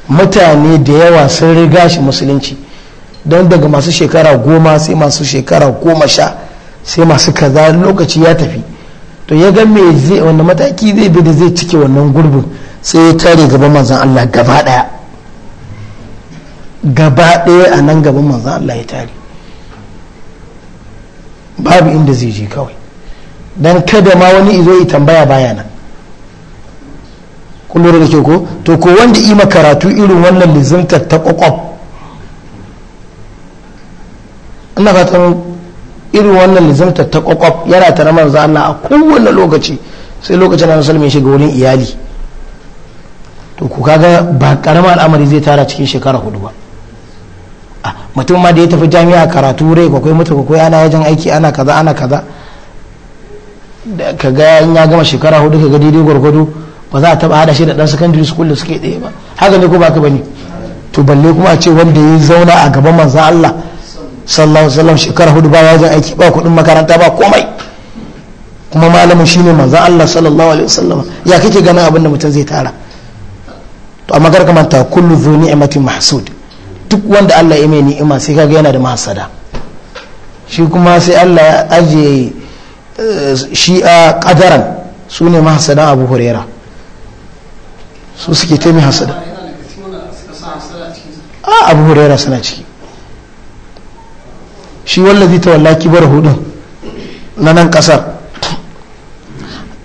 mutane da yawa sun riga shi musulunci don daga masu shekara goma sai masu shekara goma sha sai masu kaza lokaci ya tafi to ya ga me zai wanda mataki zai bi da zai cike wannan gurbin sai ya tare gaban manzan Allah gaba daya gaba daya a nan gaban manzo Allah ya tare babu inda zai je kawai don kada ma wani izo yi tambaya baya nan kun da ke ko to ko wanda ima karatu irin wannan lizimtar ta kwakwab ina fatan irin wannan lizimtar ta kwakwam yana tare manzo Allah a kowane lokaci sai lokacin da musulmi shiga wurin iyali to ku kaga ba karamar al'amari zai tara cikin shekara hudu ba mutum ma da ya tafi jami'a karatu rai kwakwai mutu kwakwai ana yajin aiki ana kaza ana kaza ka ga ya gama shekara hudu ka ga daidai gwargwado ba za a taba hada shi da dan secondary school da suke daya ba haka ne ko ba ka bane to balle kuma a ce wanda ya zauna a gaban manzon Allah sallallahu alaihi wasallam shekara hudu ba yajin aiki ba kudin makaranta ba komai kuma malamin shine manzon Allah sallallahu alaihi wasallam ya kike ganin abin da mutum zai tara to amma kar ka manta kullu dhuni mahsud duk wanda Allah ya mai ni'ima sai kaga yana da mahasada shi kuma sai Allah ya aje eh, shi a kadaran su ne mahasada Abu Huraira su suke ta hasada a Abu Huraira suna ciki shi wanda ta wallaki kibar hudu na nan kasar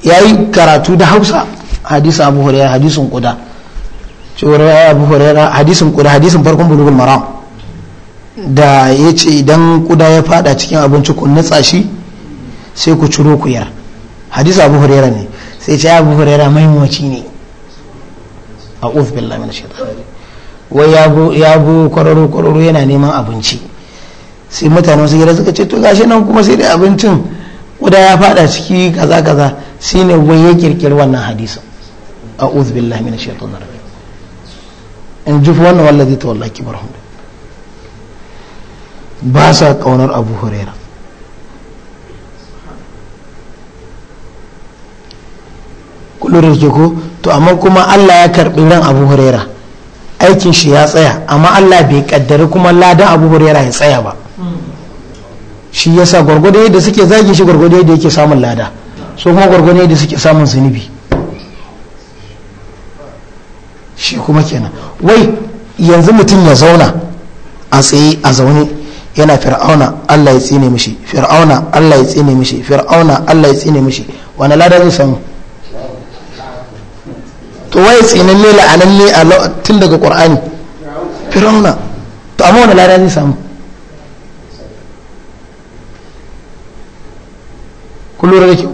ya yi karatu da hausa hadisa abu hurairah hadisin kuda cewar abu huraira hadisin kuda hadisin farkon bulugul maram da ya ce idan kuda ya fada cikin abinci ku nutsa shi sai ku ciro ku yar hadis abu huraira ne sai ce abu huraira maimaci ne a uf billahi min wai ya bu kwararo kwararo yana neman abinci sai mutane su gida suka ce to gashi nan kuma sai dai abincin kuda ya fada ciki kaza kaza shine wai ya kirkiri wannan hadisin a uf billahi min shaitan in ji wannan wallazi ta wallaki barhu ba sa kaunar abu huraira kullum ke ko to amma kuma allah ya karbi ran abu huraira aikin shi ya tsaya amma allah bai kaddari kuma ladan abu huraira ya tsaya ba shi yasa gwargwado yadda suke zagi shi gwargwado yadda yake samun lada so kuma gwargwado yadda suke samun zunubi shi kuma kenan wai yanzu mutum ya zauna a tsaye a zaune yana fir'auna Allah ya tsine mishi fir'auna Allah ya tsine mishi fir'auna Allah ya tsine mishi wani lada zai samu to waye tsinin ne la'anan ne a tun daga ƙwar'ani fir'auna to amma wani lada zai samu ku lura da kyau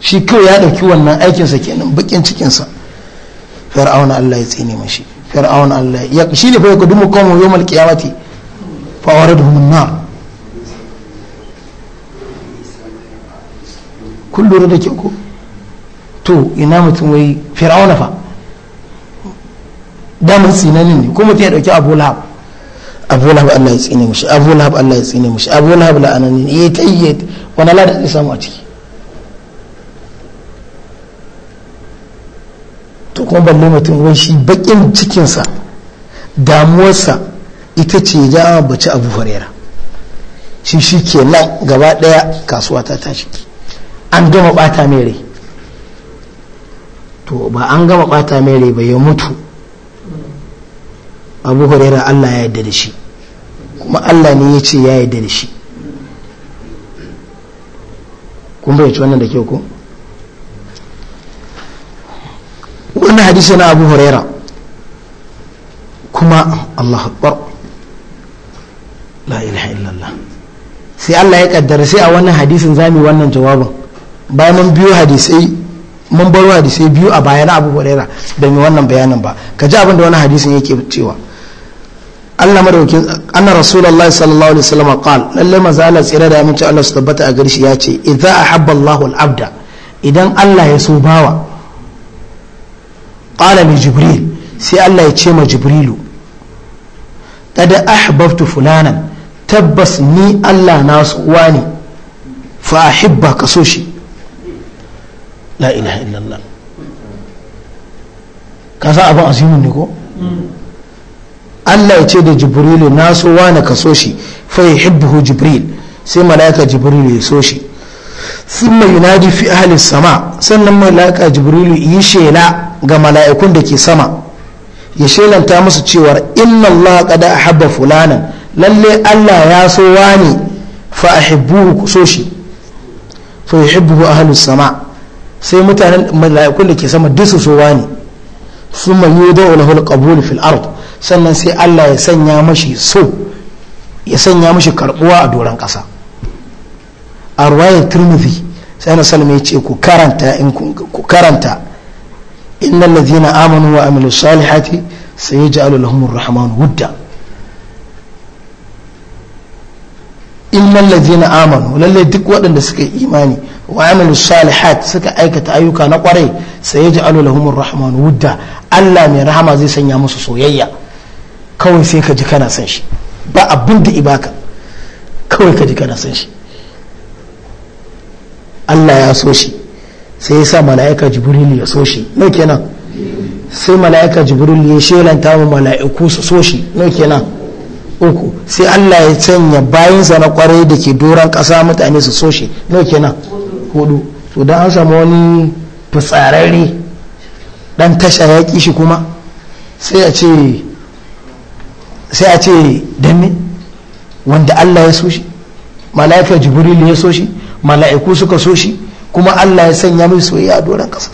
shi kyau ya ɗauki wannan aikinsa kenan bakin cikinsa fir'auna Allah ya tsine mashi fir'auna Allah ya shi ne fa yakudumu qawmu yawmal qiyamati fa waradhum an-nar kun lura da ke ko to ina mutum wai fir'auna fa damar sinanin ne kuma ta ya dauki abu lahab abu lahab Allah ya tsine mashi abu lahab Allah ya tsine mashi abu lahab la'anani ya tayyid wani ladan isa samu a ciki to kuma balle mutum wai shi bakin cikinsa damuwarsa ita ce ya bace abu huraira shi shi ke nan gaba ɗaya kasuwa ta tashi an gama ɓata mai rai to ba an gama bata mai rai ba ya mutu abu yara allah ya yarda da shi kuma allah ne ya ce ya yarda da shi kun bai wannan da kyau ko wannan hadisi na abu huraira kuma allah akbar la ilaha illallah sai allah ya kaddara sai a wannan hadisin zami wannan jawabin bayan mun biyo hadisai mun baro hadisai biyu a baya na abu huraira da mai wannan bayanin ba ka ji abin da wannan hadisin yake cewa Allah madaukin anna rasulullahi sallallahu alaihi wasallam qal lalle mazala tsira da aminci Allah su tabbata a gari shi ya idza ahabba Allahu al-abda idan Allah ya so bawa qala li jibril sai Allah ya ce ma jibrilu kada ahbabtu fulanan tabbas ni Allah na so wani fa ahibba ka so shi la ilaha illallah ka san abin azimin ne ko Allah ya ce da jibrilu na so wani ka so shi fa yuhibbuhu jibril sai mala'ika jibrilu ya so shi thumma yunadi fi ahli sama sannan mala'ika jibrilu yi shela ga mala'ikun da ke sama ya shelanta musu cewa inna Allah qad ahabba fulana lalle Allah ya so wani fa ahibbuhu so shi fa yuhibbuhu ahli sama sai mutanen mala'ikun da ke sama duk so wani thumma yudau lahu al fil ard sannan sai Allah ya sanya mashi so ya sanya mashi karbuwa a doron kasa a ruwayar turmuzi sai na salama ya ce ku karanta in ku karanta amanu wa amilu salihati wudda amanu duk waɗanda suka yi imani wa amilu suka aikata ayyuka na kwarai sayaj'alu lahumur wudda Allah mai rahama zai sanya musu soyayya kawai sai ka ji kana son shi ba abin da ibaka kawai ka ji kana son shi Allah ya so shi sai ya sa mala'ika jibril ya so shi no kenan sai mala'ika jibril ya shelanta wa mala'iku su so shi no kenan uku sai Allah ya sanya bayansa na kwarai da ke doron ƙasa mutane su so shi no kenan hudu to dan an samu wani fitsararri dan tasha ya kishi kuma sai a ce sai a ce danne wanda Allah ya so shi mala'ika jibril ya so shi mala'iku suka so shi kuma Allah ya sanya mai soyayya a doron kasa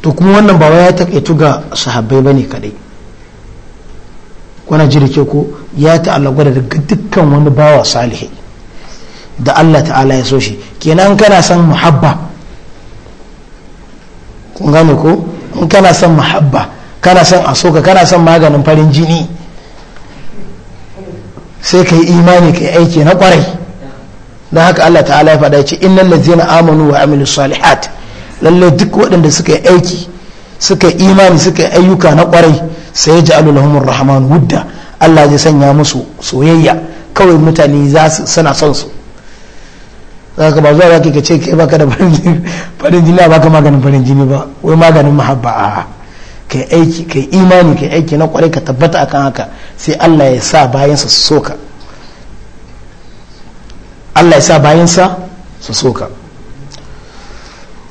to kuma wannan ba ya taƙaitu ga sahabbai ba ne kaɗai kuna ji da ke ko ya gwada da dukkan wani bawa Salihu da Allah ta'ala ya so shi kenan kana son muhabba kun gane ko in kana son muhabba kana son a soka kana son maganin farin jini sai ka yi imani ka yi aiki na kwarai don haka Allah ta'ala ya faɗa ce innal ladzina amanu wa amilus salihat lalle duk waɗanda suka yi aiki suka yi imani suka yi ayyuka na kwarai sai ja'alu lahumur rahman wudda Allah zai sanya musu soyayya kawai mutane za su suna son su zaka ba zuwa ka ce kai baka da farin jini farin jini baka maganin farin jini ba wai maganin mahabba kai aiki kai imani kai aiki na kwarai ka tabbata akan haka sai Allah ya sa bayansa su soka Allah ya sa bayansa su soka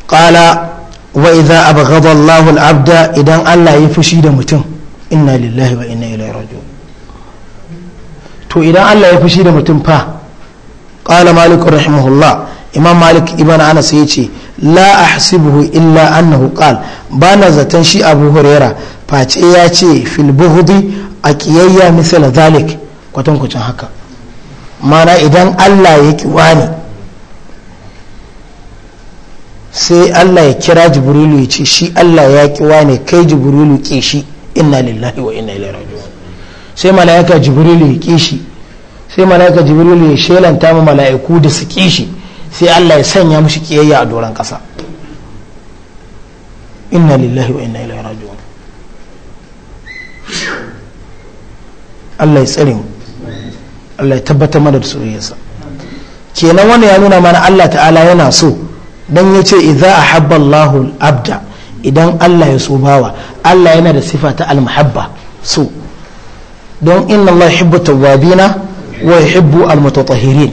qala wa idza abghada Allahu al-abda idan Allah ya fushi da mutum inna lillahi wa inna ilaihi raji'un to idan Allah ya fushi da mutum fa ƙala malik rahimahullah imam malik ibn anas yace la ahsibuhu illa annahu qal bana zaton shi abu huraira face ya ce fil buhudi a kiyayya misal zalik kwatankwacin haka mana idan Allah ya ki wani sai Allah ya kira jibrilu ya ce shi Allah ya ki wani kai jibrilu ke shi inna lillahi wa inna ilaihi raji'un sai mala'ika jibrilu ya ki shi sai mala'ika jibrilu ya shelanta ma mala'iku da su ki shi sai Allah ya sanya mushi kiyayya a doron kasa inna lillahi wa inna ilaihi raji'un Allah ya tsare mu Allah ya tabbatar mana da soyayyarsa kenan wannan ya nuna mana Allah ta'ala yana so dan ya ce idza ahabba Allahu abda idan Allah ya so bawa Allah yana da sifa ta almuhabba so don inna Allah yuhibbu tawwabina wa yuhibbu almutatahhirin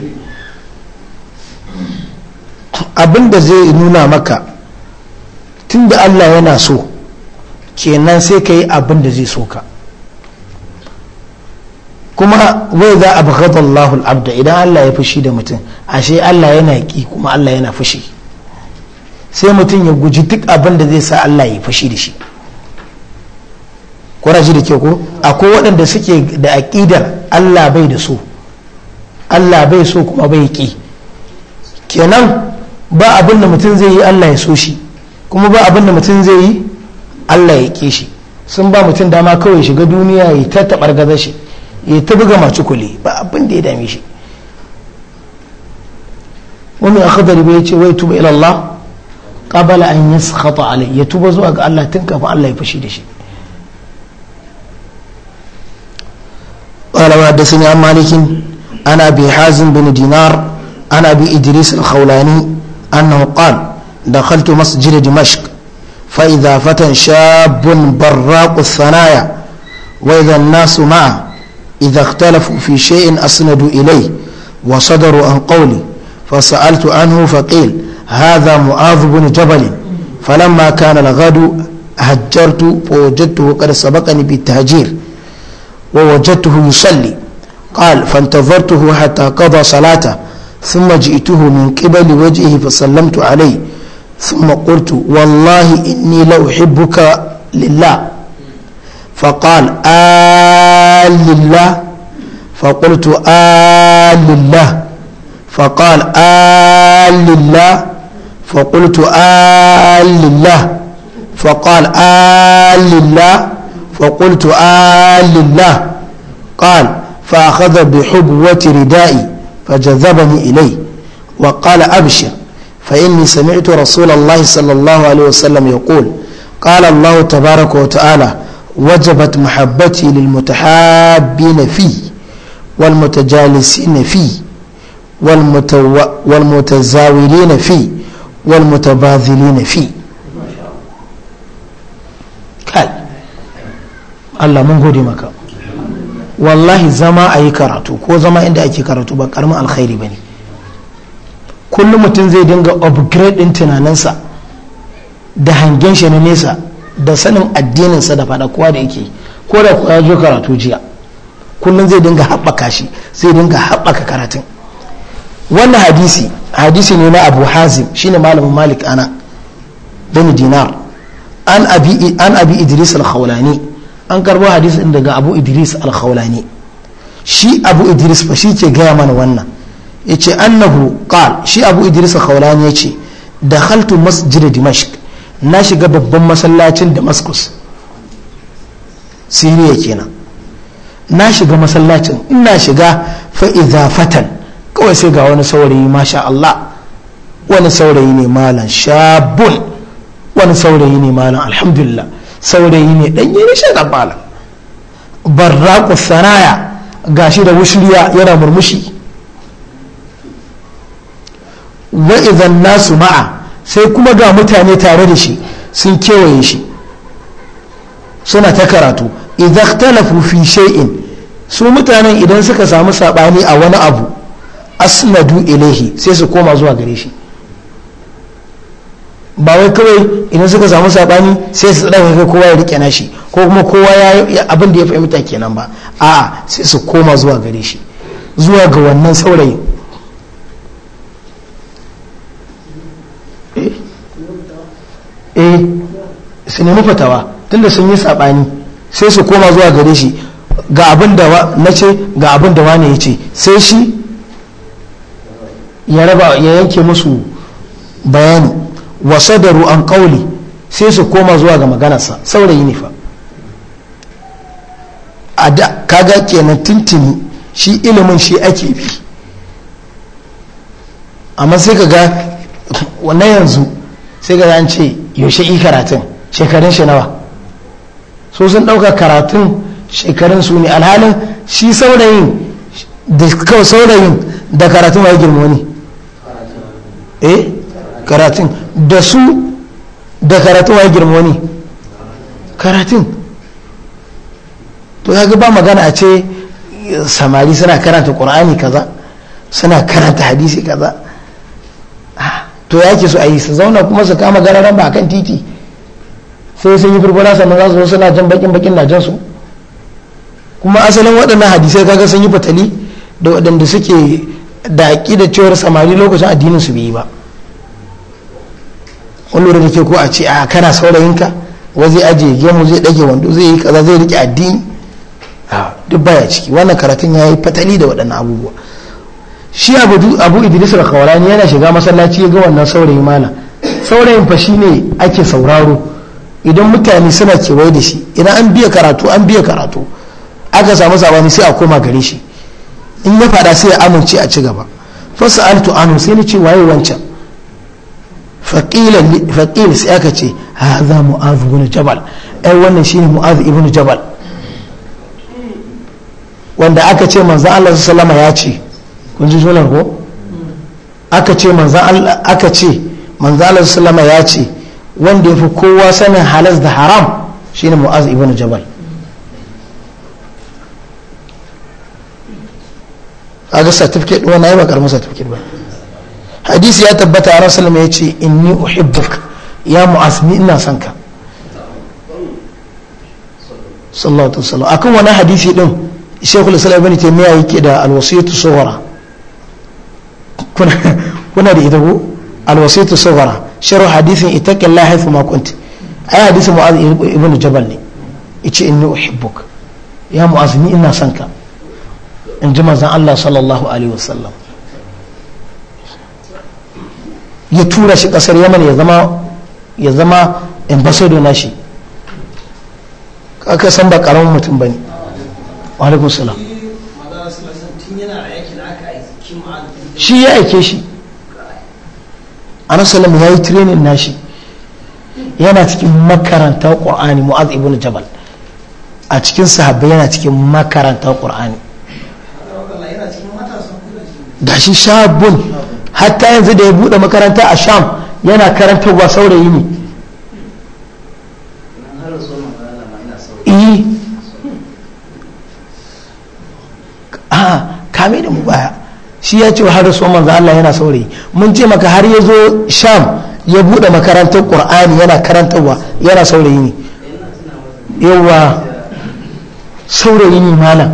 abinda zai nuna maka tunda Allah yana so kenan sai ka yi abin da zai so ka kuma zai za a bukata Allah abda idan Allah ya fushi da mutum ashe Allah yana ki kuma Allah yana fushi sai mutum ya guji duk abin da zai sa Allah ya fushi da shi kwarashi da ke ko akwai waɗanda suke da aƙidar Allah bai da so Allah bai so kuma bai ki kenan ba abin da mutum zai yi Allah ya so shi kuma ba abin da mutum zai yi Allah ya ki shi sun ba mutum dama kawai shiga duniya ya ta gaza shi ya ta buga masu kuli ba abin ya dame shi wani a kadar ba ya ce wai tuba ilalla kabala an yi sakata alai ya tuba zuwa ga Allah tun kafin Allah ya da shi ƙwalama da sun yi ana bi hazin bin dinar ana bi idris al-khawlani annahu qal دخلت مسجد دمشق فإذا فتن شاب براق الثنايا وإذا الناس معه إذا اختلفوا في شيء أسندوا إليه وصدروا عن قولي فسألت عنه فقيل هذا معاذ بن جبل فلما كان الغد هجرت فوجدته قد سبقني بالتهجير ووجدته يصلي قال فانتظرته حتى قضى صلاته ثم جئته من قبل وجهه فسلمت عليه ثم قلت والله إني لأحبك لله فقال آل لله فقلت آل لله فقال آل لله فقلت آل لله فقال آل لله فقلت آل لله قال فأخذ بحبوة ردائي فجذبني إليه وقال أبشر فإني سمعت رسول الله صلى الله عليه وسلم يقول قال الله تبارك وتعالى wajabat mahabbati lil mutahabbina fi wal mutajalisina fi wal mutazawilina fi zama a yi karatu ko zama inda ake karatu ba karamin alkhairi ba kullum mutum zai dinga upgrade din tunaninsa da hangen shi na nesa da sanin addinin sa da faɗa kowa da yake ko da kuwa zo karatu jiya kullum zai dinga haɓaka shi zai dinga haɓaka karatun wannan hadisi hadisi ne na abu hazim shine malamin malik ana bin dinar an abi an abi idris al-khawlani an karbo hadisin daga abu idris al-khawlani shi abu idris fa shi ke gaya mana wannan yace annahu qal shi abu idris al-khawlani yace dakhaltu masjid dimashq na shiga babban masallacin damascus siriya kenan na shiga masallacin ina shiga fa'iza fatan kawai sai ga wani saurayi masha Allah wani saurayi ne malam shabun wani saurayi ne malam alhamdulillah saurayi ne ɗanye ne shagar malam barraku sanaya gashi da wushiriya yana murmushi wa idan nasu ma'a sai kuma ga mutane tare da shi sun kewaye shi suna ta karatu idan talafu fi shay'in su mutanen idan suka samu sabani a wani abu asnadu ilahi sai su koma zuwa gare shi ba wai kawai idan suka samu sabani sai su tsada kai kowa ya rike nashi ko kuma kowa ya abin da ya fahimta kenan ba a'a sai su koma zuwa gare shi zuwa ga wannan saurayin eh su nemi fatawa tunda sun yi saɓani sai su koma zuwa gare shi ga abin da na ce ga abin da wane ya ce sai shi ya raba ya yanke musu bayani wasa da an kauli sai su koma zuwa ga maganarsa saurayi ne fa a da kaga kenan tuntuni shi ilimin shi ake bi amma sai ka ga wannan yanzu sai ga an ce yaushe yi karatun shekarun shi nawa so sun ɗauka karatun shekarun su ne alhalin shi saurayin da kawai saurayin da karatun wai girma ne eh karatun da su da karatun wai girma ne karatun to ya ba magana a ce samari suna karanta ƙur'ani kaza suna karanta hadisi kaza ah to ya ke su a yi su zauna kuma su kama gararan ba kan titi sai sun yi furfura sannan za su zo suna jan bakin bakin na jan su kuma asalin waɗannan hadisai kaga sun yi fatali da waɗanda suke daƙi da cewar samari lokacin addinin su bai ba wani lura da ke ko a ce a kana saurayinka wa zai aje gemu zai ɗage wando zai yi kaza zai riƙe addini duk baya ciki wannan karatun ya yi fatali da waɗannan abubuwa shi abu idris al-khawrani yana shiga masallaci ya ga wannan saurayin mana saurayin fa shine ake sauraro idan mutane suna kewaye da shi idan an biya karatu an biya karatu aka samu sabani sai a koma gare shi in ya fada sai ya amince a ci gaba sa'altu anhu sai ni ce waye wancan faqila sai aka ce hadha mu'adh ibn jabal ai wannan shine mu'adh ibn jabal wanda aka ce manzo Allah sallallahu alaihi wasallam ya ce kun ji ko aka ce manzo Allah sallama ya ce wanda ya fi kowa sanin halas da haram shine mu'az ibn jabal aga certificate wani ya bakar masa certificate ba hadisi ya tabbata ran sallama ya ce inni uhibbuk ya mu'az ni ina son ka sallallahu alaihi wasallam akan wani hadisi din shekul islam ibn taymiya yake da alwasiyatu kuna da ita ko alwasitu sughra sharh hadithin ittaqillaha haythu ma kunt ai hadisin mu'az ibn jabal ne yace inni uhibbuk ya mu'az ni ina son ka in ji manzon Allah sallallahu alaihi wasallam ya tura shi kasar Yaman ya zama ya zama ambassador na shi aka san ba karamin mutum bane wa alaikum salam shi ya aike shi anasalam ya yi training nashi yana cikin makaranta ƙur'ani mu'az ibn jabal a cikin sahabbai yana cikin makaranta ƙur'ani gashi shabun hatta yanzu da ya bude makaranta a sham yana karantarwa saurayi ne eh. ah, kame da mu ba shi ya ce har rasuwar manzo Allah yana saurayi mun ce maka har ya zo sham ya bude makarantar qur'ani yana karantarwa yana saurayi ne yawa saurayi ne malam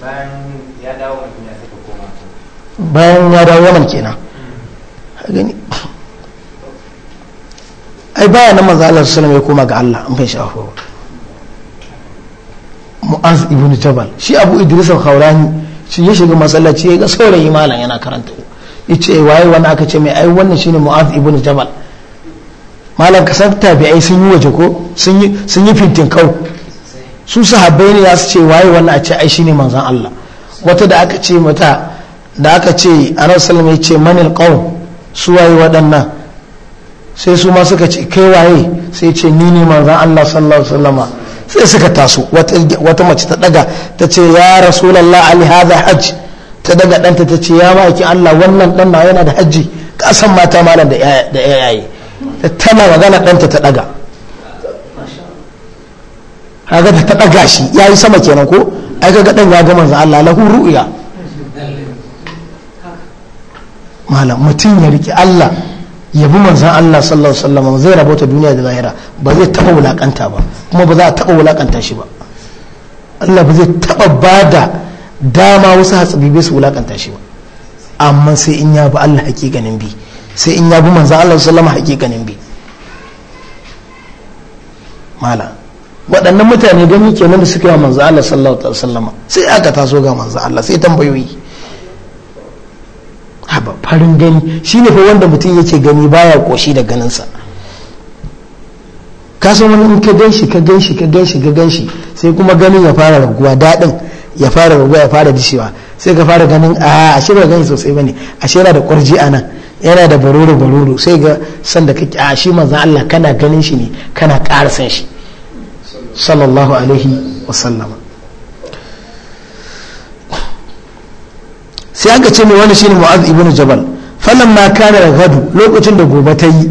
bayan ya dawo yaman kenan gani ai baya nan manzo Allah sallallahu ya koma ga Allah an fashe afuwa mu'az ibn jabal shi abu idris al-khawlani shi ya shiga masallaci ya ga saurayi malam yana karanta ce waye wani aka ce mai ai wannan shine mu'az ibn jabal malam ka san tabi'ai sun yi waje ko sun yi sun yi fintin kau su sahabbai ne za su ce waye wannan a ce ai shine manzon Allah wata da aka ce mata da aka ce annabi sallallahu ya ce manil qaum su waye waɗannan sai su ma suka ce kai waye sai ce ni ne manzon Allah sallallahu alaihi wasallama sai suka taso wata mace ta daga ta ce ya rasulallah ali hadha hajj ta daga danta ta ce ya ma'aikin Allah wannan dan na yana da hajji ka san mata malam da yayaye tana magana danta ta daga kaga ta daga shi ya yi sama kenan ko ai ga dan ya ga manzo Allah lahu ru'ya malam mutum ya riki Allah yabi manzan Allah sallallahu alaihi wasallam zai rabota duniya da lahira ba zai taba wulakanta ba kuma ba za a taba wulakanta shi ba Allah ba zai taba bada dama wasu hatsabibai su wulakanta shi ba amma sai in ya bi Allah hakikanin bi sai in ya bi manzan Allah sallallahu alaihi wasallam hakikanin bi mala waɗannan mutane gani kenan da suka yi wa manzan Allah sallallahu alaihi wasallam sai aka taso ga manzan Allah sai tambayoyi haba farin gani shi ne fa wanda mutum yake gani baya koshi da ganinsa ka san wani in ka gan ka gan shi ka gan ka gan sai kuma ganin ya fara raguwa daɗin ya fara raguwa ya fara dishewa sai ka fara ganin a ashe ba gani sosai bane ashe yana da kwarji a nan yana da baroro baroro sai ga san da kake a shi manzon Allah kana ganin shi ne kana ƙara san shi sallallahu alaihi wasallama sai aka ce mai wani shine mu'az ibn jabal falan ma kana gadu lokacin da gobe ta yi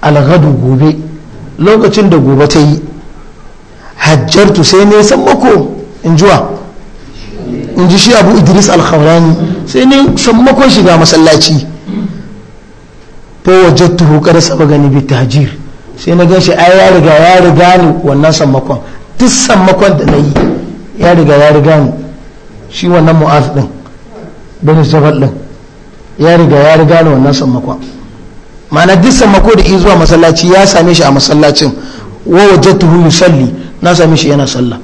alghadu gobe lokacin da gobe ta yi hajjartu sai ne san mako in juwa in ji shi abu idris alkhawrani sai ne san mako shiga masallaci fa wajadtuhu qad sabagani bi tahjir sai na ganshi ai ya riga ya riga ni wannan sammakon duk sammakon da na yi ya riga ya riga ni shi wannan mu'az din bin jabal din ya riga ya riga da wannan sammako ma'ana duk sammako da yi zuwa masallaci ya same shi a masallacin wa wajatuhu yusalli na same shi yana sallah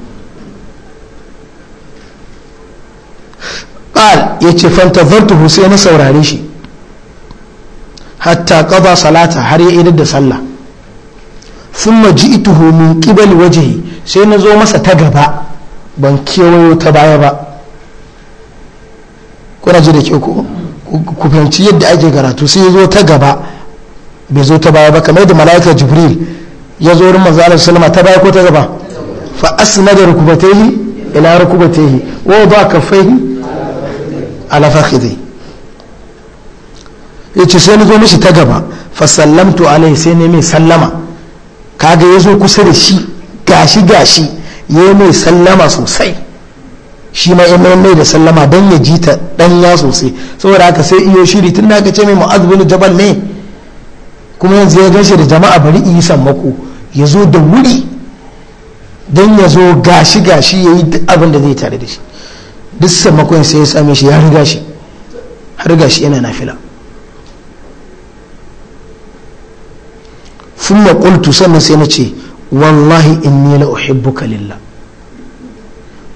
qal yace fantazartuhu sai na saurare shi hatta qada salata har ya idar da sallah thumma ji'tuhu min qibali wajhi sai na zo masa ta gaba ban kewayo ta baya ba kuraje ji da ke ku fahimci yadda ake karatu sai ya zo ta gaba bai zo ta baya ba kamar da mala'ika jibril ya zo wurin manzo alaihi sallama ta baya ko ta gaba fa asnada rukubatayhi ila rukubatayhi wa wada kaffayhi ala fakhidhi yace sai ni zo mishi ta gaba fa sallamtu alaihi sai ne mai sallama kaga ya zo kusa da shi gashi gashi ya mai sallama sosai shi ma yan mai da sallama don ya ji ta dan ya sosai saboda haka sai iyo shiri tun da aka ce mai mu'az bin jabal ne kuma yanzu ya gashi da jama'a bari yi sammako ya zo da wuri don ya zo gashi gashi ya yi abin da zai tare da shi duk sammakon sai ya same shi ya riga shi har gashi yana nafila sun qultu sannan sai na ce wallahi inni la uhibbuka lillah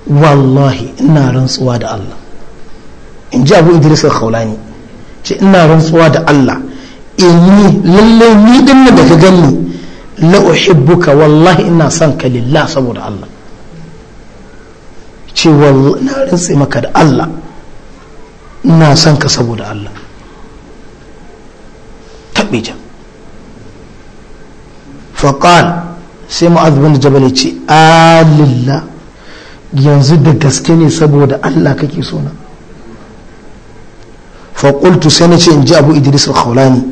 wallahi ina rantsuwa da Allah in ji abu idris al-khawlani ce ina rantsuwa da Allah inni lalle ni din da ka gani la uhibbuka wallahi ina son ka lillah saboda Allah ce wallahi na rantsi maka da Allah ina son ka saboda Allah tabbija faqal sai mu'adh bin jabal ce alillah ah, yanzu da gaske ne saboda Allah kake so na faƙultu sai na ce in ji abu idris al-khawlani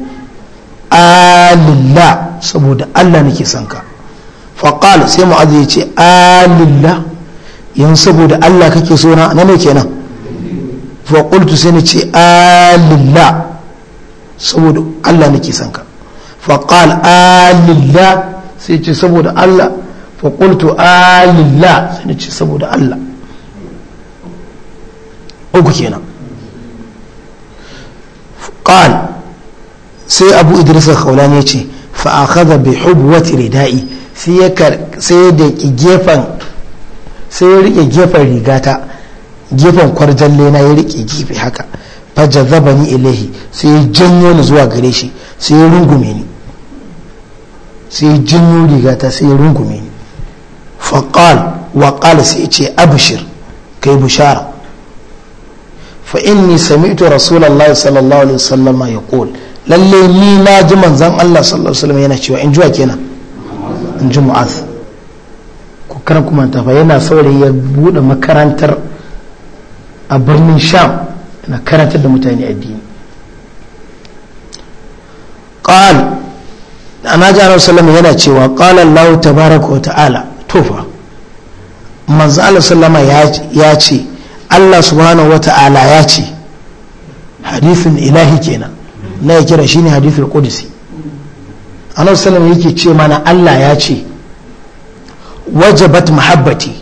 alillah saboda Allah nake son ka qala sai mu ya ce alillah yanzu saboda Allah kake so na nan kenan faƙultu sai na ce alillah saboda Allah nake son ka qala alillah sai ce saboda Allah fa qultu alillah ah, sai na ce saboda Allah uku kenan qal sai abu idris al-khawlani ya ce fa akhadha bi hubwati ridai sai ya sai da gefan sai ya rike gefen rigata gefen kwarjalle na ya rike gefe haka fa jazabani ilahi sai ya janyo ni zuwa gare shi sai ya rungume ni sai ya janyo rigata sai ya rungume ni faƙal waƙal sai ce abishir kai bishara fa inni sami'tu rasulullahi sallallahu alaihi wasallam ya qul lalle ni na ji manzon Allah sallallahu alaihi wasallam yana cewa in juwa kenan in ji mu'az ku karan kuma ta fa yana saurayi ya bude makarantar a birnin sham na karantar da mutane addini qal ana ji sallallahu alaihi wasallam yana cewa qala Allah tabaraka wa ta'ala tofa manzo Allah sallama ya ce Allah subhanahu ta'ala ya ce hadithin ilahi kenan na ya kira shine hadithul qudsi annabi sallama yake ce mana Allah ya ce wajabat mahabbati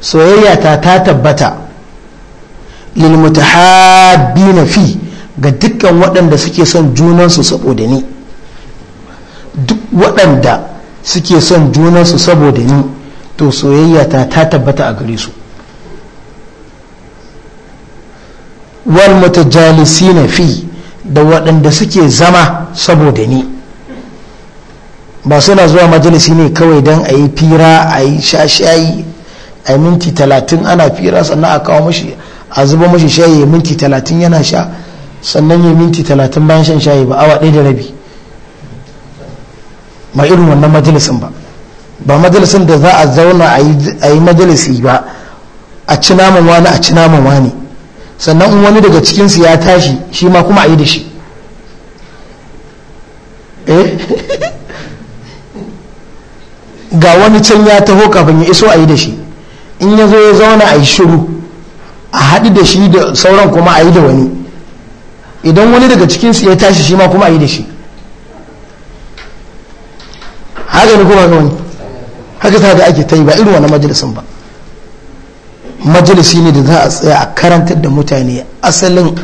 soyayya ta ta tabbata lil mutahabbina fi ga dukkan waɗanda suke son junansu saboda ni duk waɗanda suke son junansu saboda ni to soyayya ta ta tabbata a gare su wal mutajalisina fi da waɗanda suke zama saboda ni ba suna zuwa majalisi ne kawai don a yi fira a yi shashayi a minti talatin ana fira sannan a kawo mashi a zuba mashi shayi ya minti talatin yana sha sannan ya minti talatin bayan shan shayi ba awa ɗaya da rabi ba irin wannan majalisin ba ba majalisin da za a zauna a yi majalisi ba a ci naman wani a ci naman wani sannan in wani daga cikinsu ya tashi shi ma kuma a yi da shi eh? ga wani can ya taho kafin ya iso a yi da shi in ya zo ya zauna a yi shiru a haɗu da shi da sauran kuma a yi da wani idan wani daga cikinsu ya tashi shi ma kuma a yi da shi haka ne kuma ga wani haka za da ake ta yi ba irin wani majalisin ba majalisi ne da za a tsaya a karantar da mutane asalin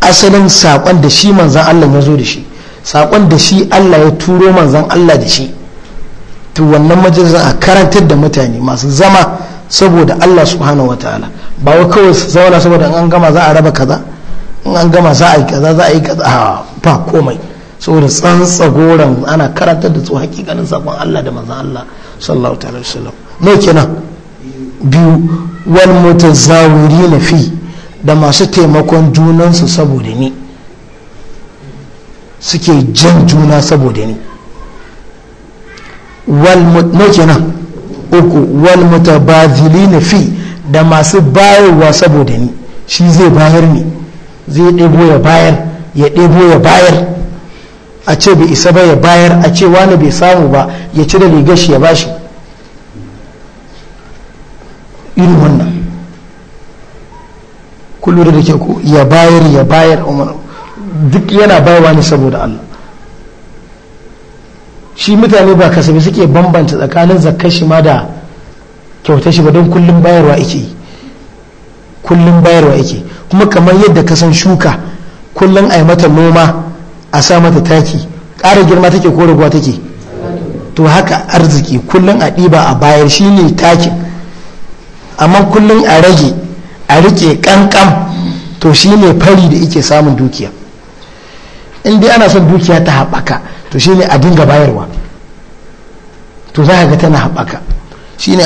asalin saƙon da shi manzan Allah ya zo da shi saƙon da shi Allah ya turo manzan Allah da shi to wannan majalisin a karantar da mutane masu zama saboda Allah subhanahu wataala ba wa kawai su zauna saboda in an gama za a raba kaza in an gama za a yi kaza za a yi kaza ba komai saboda tsantsa goron ana karatar da su hakikanin sabon Allah da manzan Allah sallallahu ta'ala wasallam mai kenan biyu wal mutazawiri na fi da masu taimakon junansu saboda ni suke jan juna saboda ni wal mai kenan uku wal mutabadhili na fi da masu bayarwa saboda ni shi zai bayar ne zai ɗebo ya bayar ya ɗebo ya bayar a ce bai isa ba ya bayar a ce wani bai samu ba ya ci da rigar shi ya bashi irin wannan kullum da ke ku ya bayar ya bayar duk yana bayarwa ne saboda Allah shi mutane ba kasafi suke bambanta tsakanin zakar shi ma da kyauta shi ba don kullum bayarwa ake kullum bayarwa ake kuma kamar yadda ka san shuka kullum a mata noma a sa mata taki ƙara girma take ko raguwa take to haka arziki kullum a ɗiba a bayar shi ne takin amma kullum a rage a rike ƙanƙan to shi ne fari da ike samun dukiya in dai ana son dukiya ta haɓaka to shi ne a dinga bayarwa to za ga tana haɓaka shi ne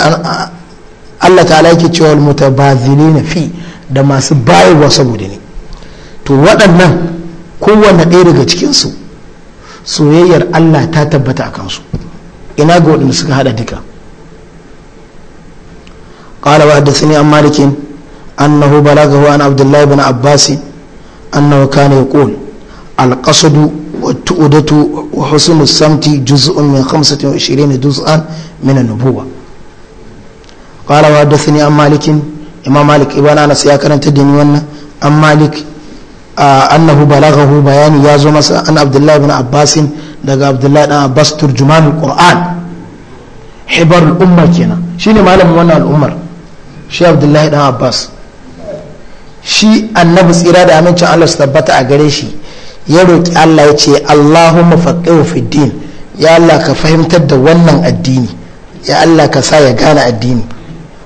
Allah ta yake cewa mutabazili na fi da masu bayarwa saboda ne to waɗannan kowane ɗaya daga cikinsu soyayyar Allah ta tabbata a kansu ina ga waɗanda suka haɗa duka قال وحدثني عن مالك أنه بلغه عن عبد الله بن عباس أنه كان يقول القصد والتؤدة وحسن السمت جزء من خمسة وعشرين جزءا من النبوة قال وحدثني عن مالك إمام مالك إبانا أنا سيأكرن ni وانا an مالك annahu balaghahu bayani ya zo masa an abdullahi ibn abbas daga abdullahi dan abbas turjumanul qur'an hibar umma kenan shine malamin wannan al'ummar shi abdullahi dan abbas shi annabi tsira da amincin Allah su tabbata a gare shi ya roƙi Allah ya ce Allahumma faqihu fi din ya Allah ka fahimtar da wannan addini ya Allah ka sa ya gane addini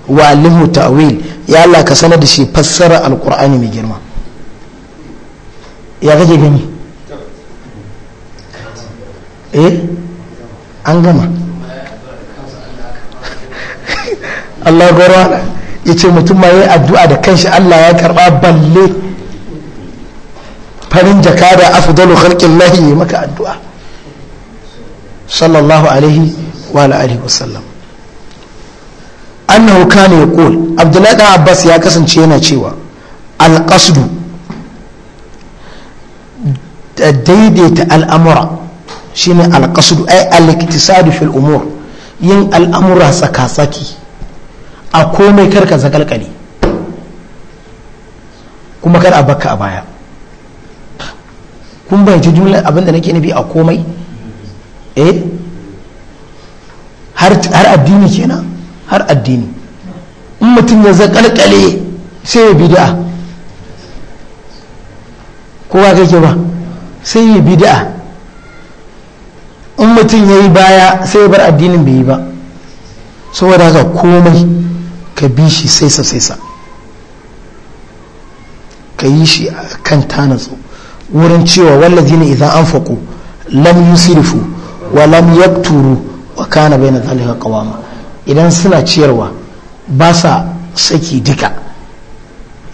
wa alimhu ta'wil ya Allah ka sanar da shi fassara alqur'ani mai girma ya kake gani eh an gama Allah gwarwa ya ce mutum ma ya yi addu'a da kanshi Allah ya karba balle farin jaka da afdalu khalqin lahi ya maka addu'a sallallahu alaihi wa alihi wasallam annahu kana yaqul abdullahi da abbas ya kasance yana cewa al-qasdu ta daidaita al'amura shi ne alƙasudu ai iktisadu fil umur yin al'amura tsaka-tsaki a komai karka zakalkali kuma kar a baka a baya kun bayanci jumla abinda nake nabi a komai eh har addini kenan har addini in mutum ya zakalkale sai ya bid'a kowa kake ba sai yi bid'a in mutum ya yi baya sai ya bar addinin bai yi ba saboda haka komai ka bi shi saisa saisa ka yi shi a kan tanatsu wurin cewa wallazina idan an faƙo lam sirifu wa lam yakturu wa kana na zalika kawama idan suna ciyarwa ba sa saki duka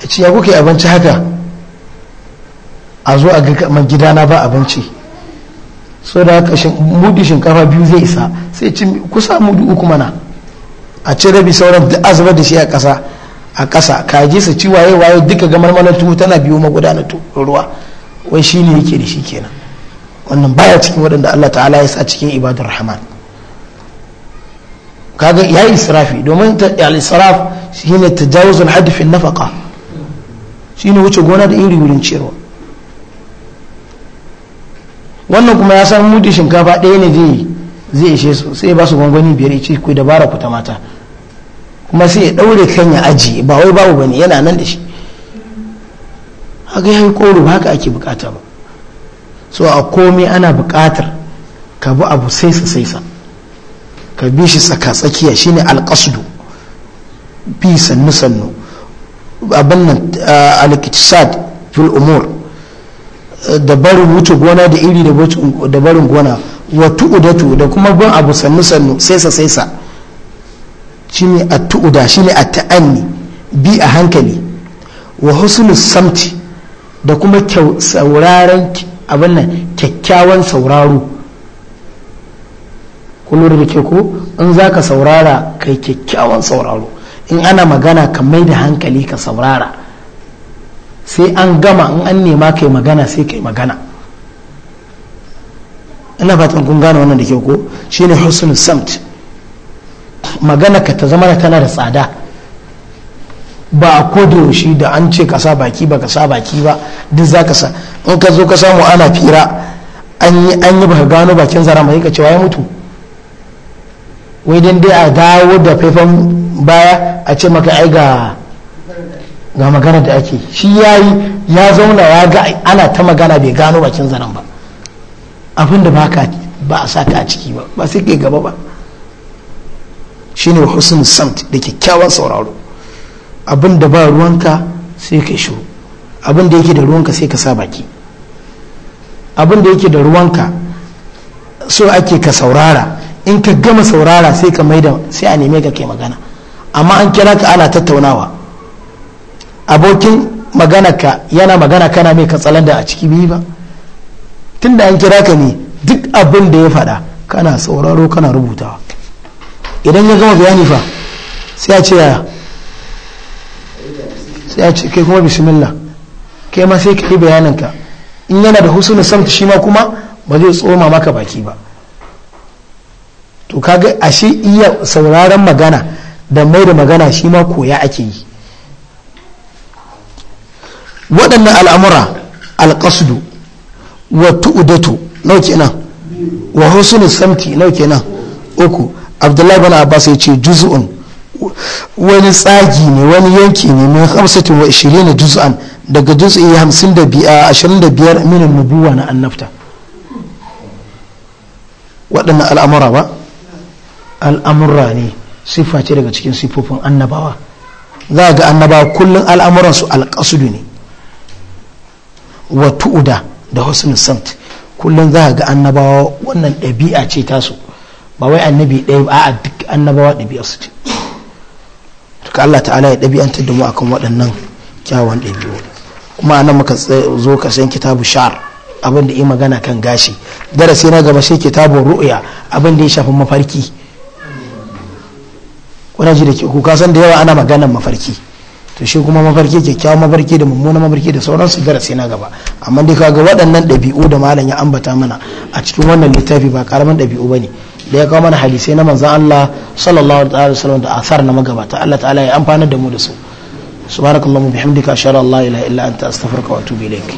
ya ce ya kuke abinci haka a zo a ga kamar gidana ba abinci so da haka mudi shinkafa biyu zai isa sai ci kusa mudu uku mana a ci rabi sauran duk azabar da shi a kasa a kasa kaji su ci waye waye duka ga marmalar tuwo tana biyu magudanar ruwa wai shi ne yake da shi kenan wannan baya cikin waɗanda Allah ta'ala ya sa cikin ibadar rahman kaga ya yi israfi domin al-israf shine tajawuzul hadd nafaka nafaqa ne wuce gona da iri wurin ciyarwa wannan kuma ya san mudi shinkafa ɗaya ne zai zai ishe su sai ba su gwangwani biyar ce ku dabara ku ta mata kuma sai ya ɗaure kan ya aji ba wai babu bane yana nan da shi haka yayi koro haka ake bukata ba so a komai ana bukatar ka bi abu saisa saisa ka bi shi tsaka tsakiya shine alqasdu bi sannu sannu abin nan fil umur da barin wuce gona da iri da barin gona wa tu'u da kuma bin abu sannu sannu saisa saisa ne a tu'uda ne a ta'anni bi a hankali wa husnul samti da kuma sauraren abin nan kyakkyawan sauraro kullum da ke ko in za ka saurara kai kyakkyawan sauraro in ana magana ka mai da hankali ka saurara sai an gama in an nema kai magana sai kai magana ina fatan kun gane wannan da ke ko shine husnul samt magana ka ta zama tana da tsada ba a kodo shi da an ce ka baki ba ka baki ba duk za ka sa in ka zo ka samu ana fira an yi ba gano bakin zara mai ka cewa ya mutu wai dan dai a dawo da faifan baya a ce maka ai ga ga magana da ake shi ya yi ya zauna ya ga ana ta magana bai gano bakin zaren ba abinda ba ka ba a saka a ciki ba ba sai kai gaba ba Shi ne husun samt da kyakkyawan sauraro abinda ba ruwanka sai ka shiru abinda yake da ruwanka sai ka sa baki abinda yake da ruwanka so ake ka saurara in ka gama saurara sai ka maida sai a neme ka kai magana amma an kira ka ana tattaunawa abokin maganaka yana magana kana mai da a ciki biyu ba tun da an kira ka ne duk abin da ya faɗa kana sauraro kana rubutawa idan ya gama bayani fa sai ya ce yaya sai ya ce kai kuma bismillah kai ma sai ka yi bayaninka in yana da husunin samta shi ma kuma ba zai tsoma maka baki ba to kaga ashe iya sauraron magana da mai da magana shi ma koya ake yi waɗannan al'amura alƙasdu wa tu'udatu nauke na wa hosunin samti nauke na uku abdullahi bana abbas ya ce Juzu'un wani tsagi ne wani yanki ne mai hamsatin wa ishirin Juzu'an daga juzu’i hamsin da biya ashirin da biyar minin nubuwa na annabta waɗannan al'amura ba al'amura ne siffa ce daga cikin siffofin annabawa za ga annabawa kullum al'amuransu alƙasudu ne wa tu'uda da husnul samt kullum za ga annabawa wannan ɗabi'a ce tasu ba wai annabi ɗaya ba a duk annabawa ɗabi'a su ce duka Allah ta'ala ya ɗabi'antar da mu akan waɗannan kyawun ɗabi'u kuma anan muka zo ka san kitabu shar abin da yi magana kan gashi darasi na gaba sai kitabu ru'ya abin da ya shafi mafarki kuna ji da ke kuka san da yawa ana maganan mafarki to shi kuma mafarki kyakkyawan mafarki da mummuna mafarki da sauransu darasi na gaba amma dai kaga waɗannan ɗabi'u da malam ya ambata mana a cikin wannan littafi ba karamin ɗabi'u ba ne da ya kawo mana hadisai na manzan Allah sallallahu alaihi wa sallam da asar na magabata Allah ta'ala ya amfana da mu da su subhanakallahumma bihamdika ashhadu an la ilaha illa anta astaghfiruka wa atubu ilaik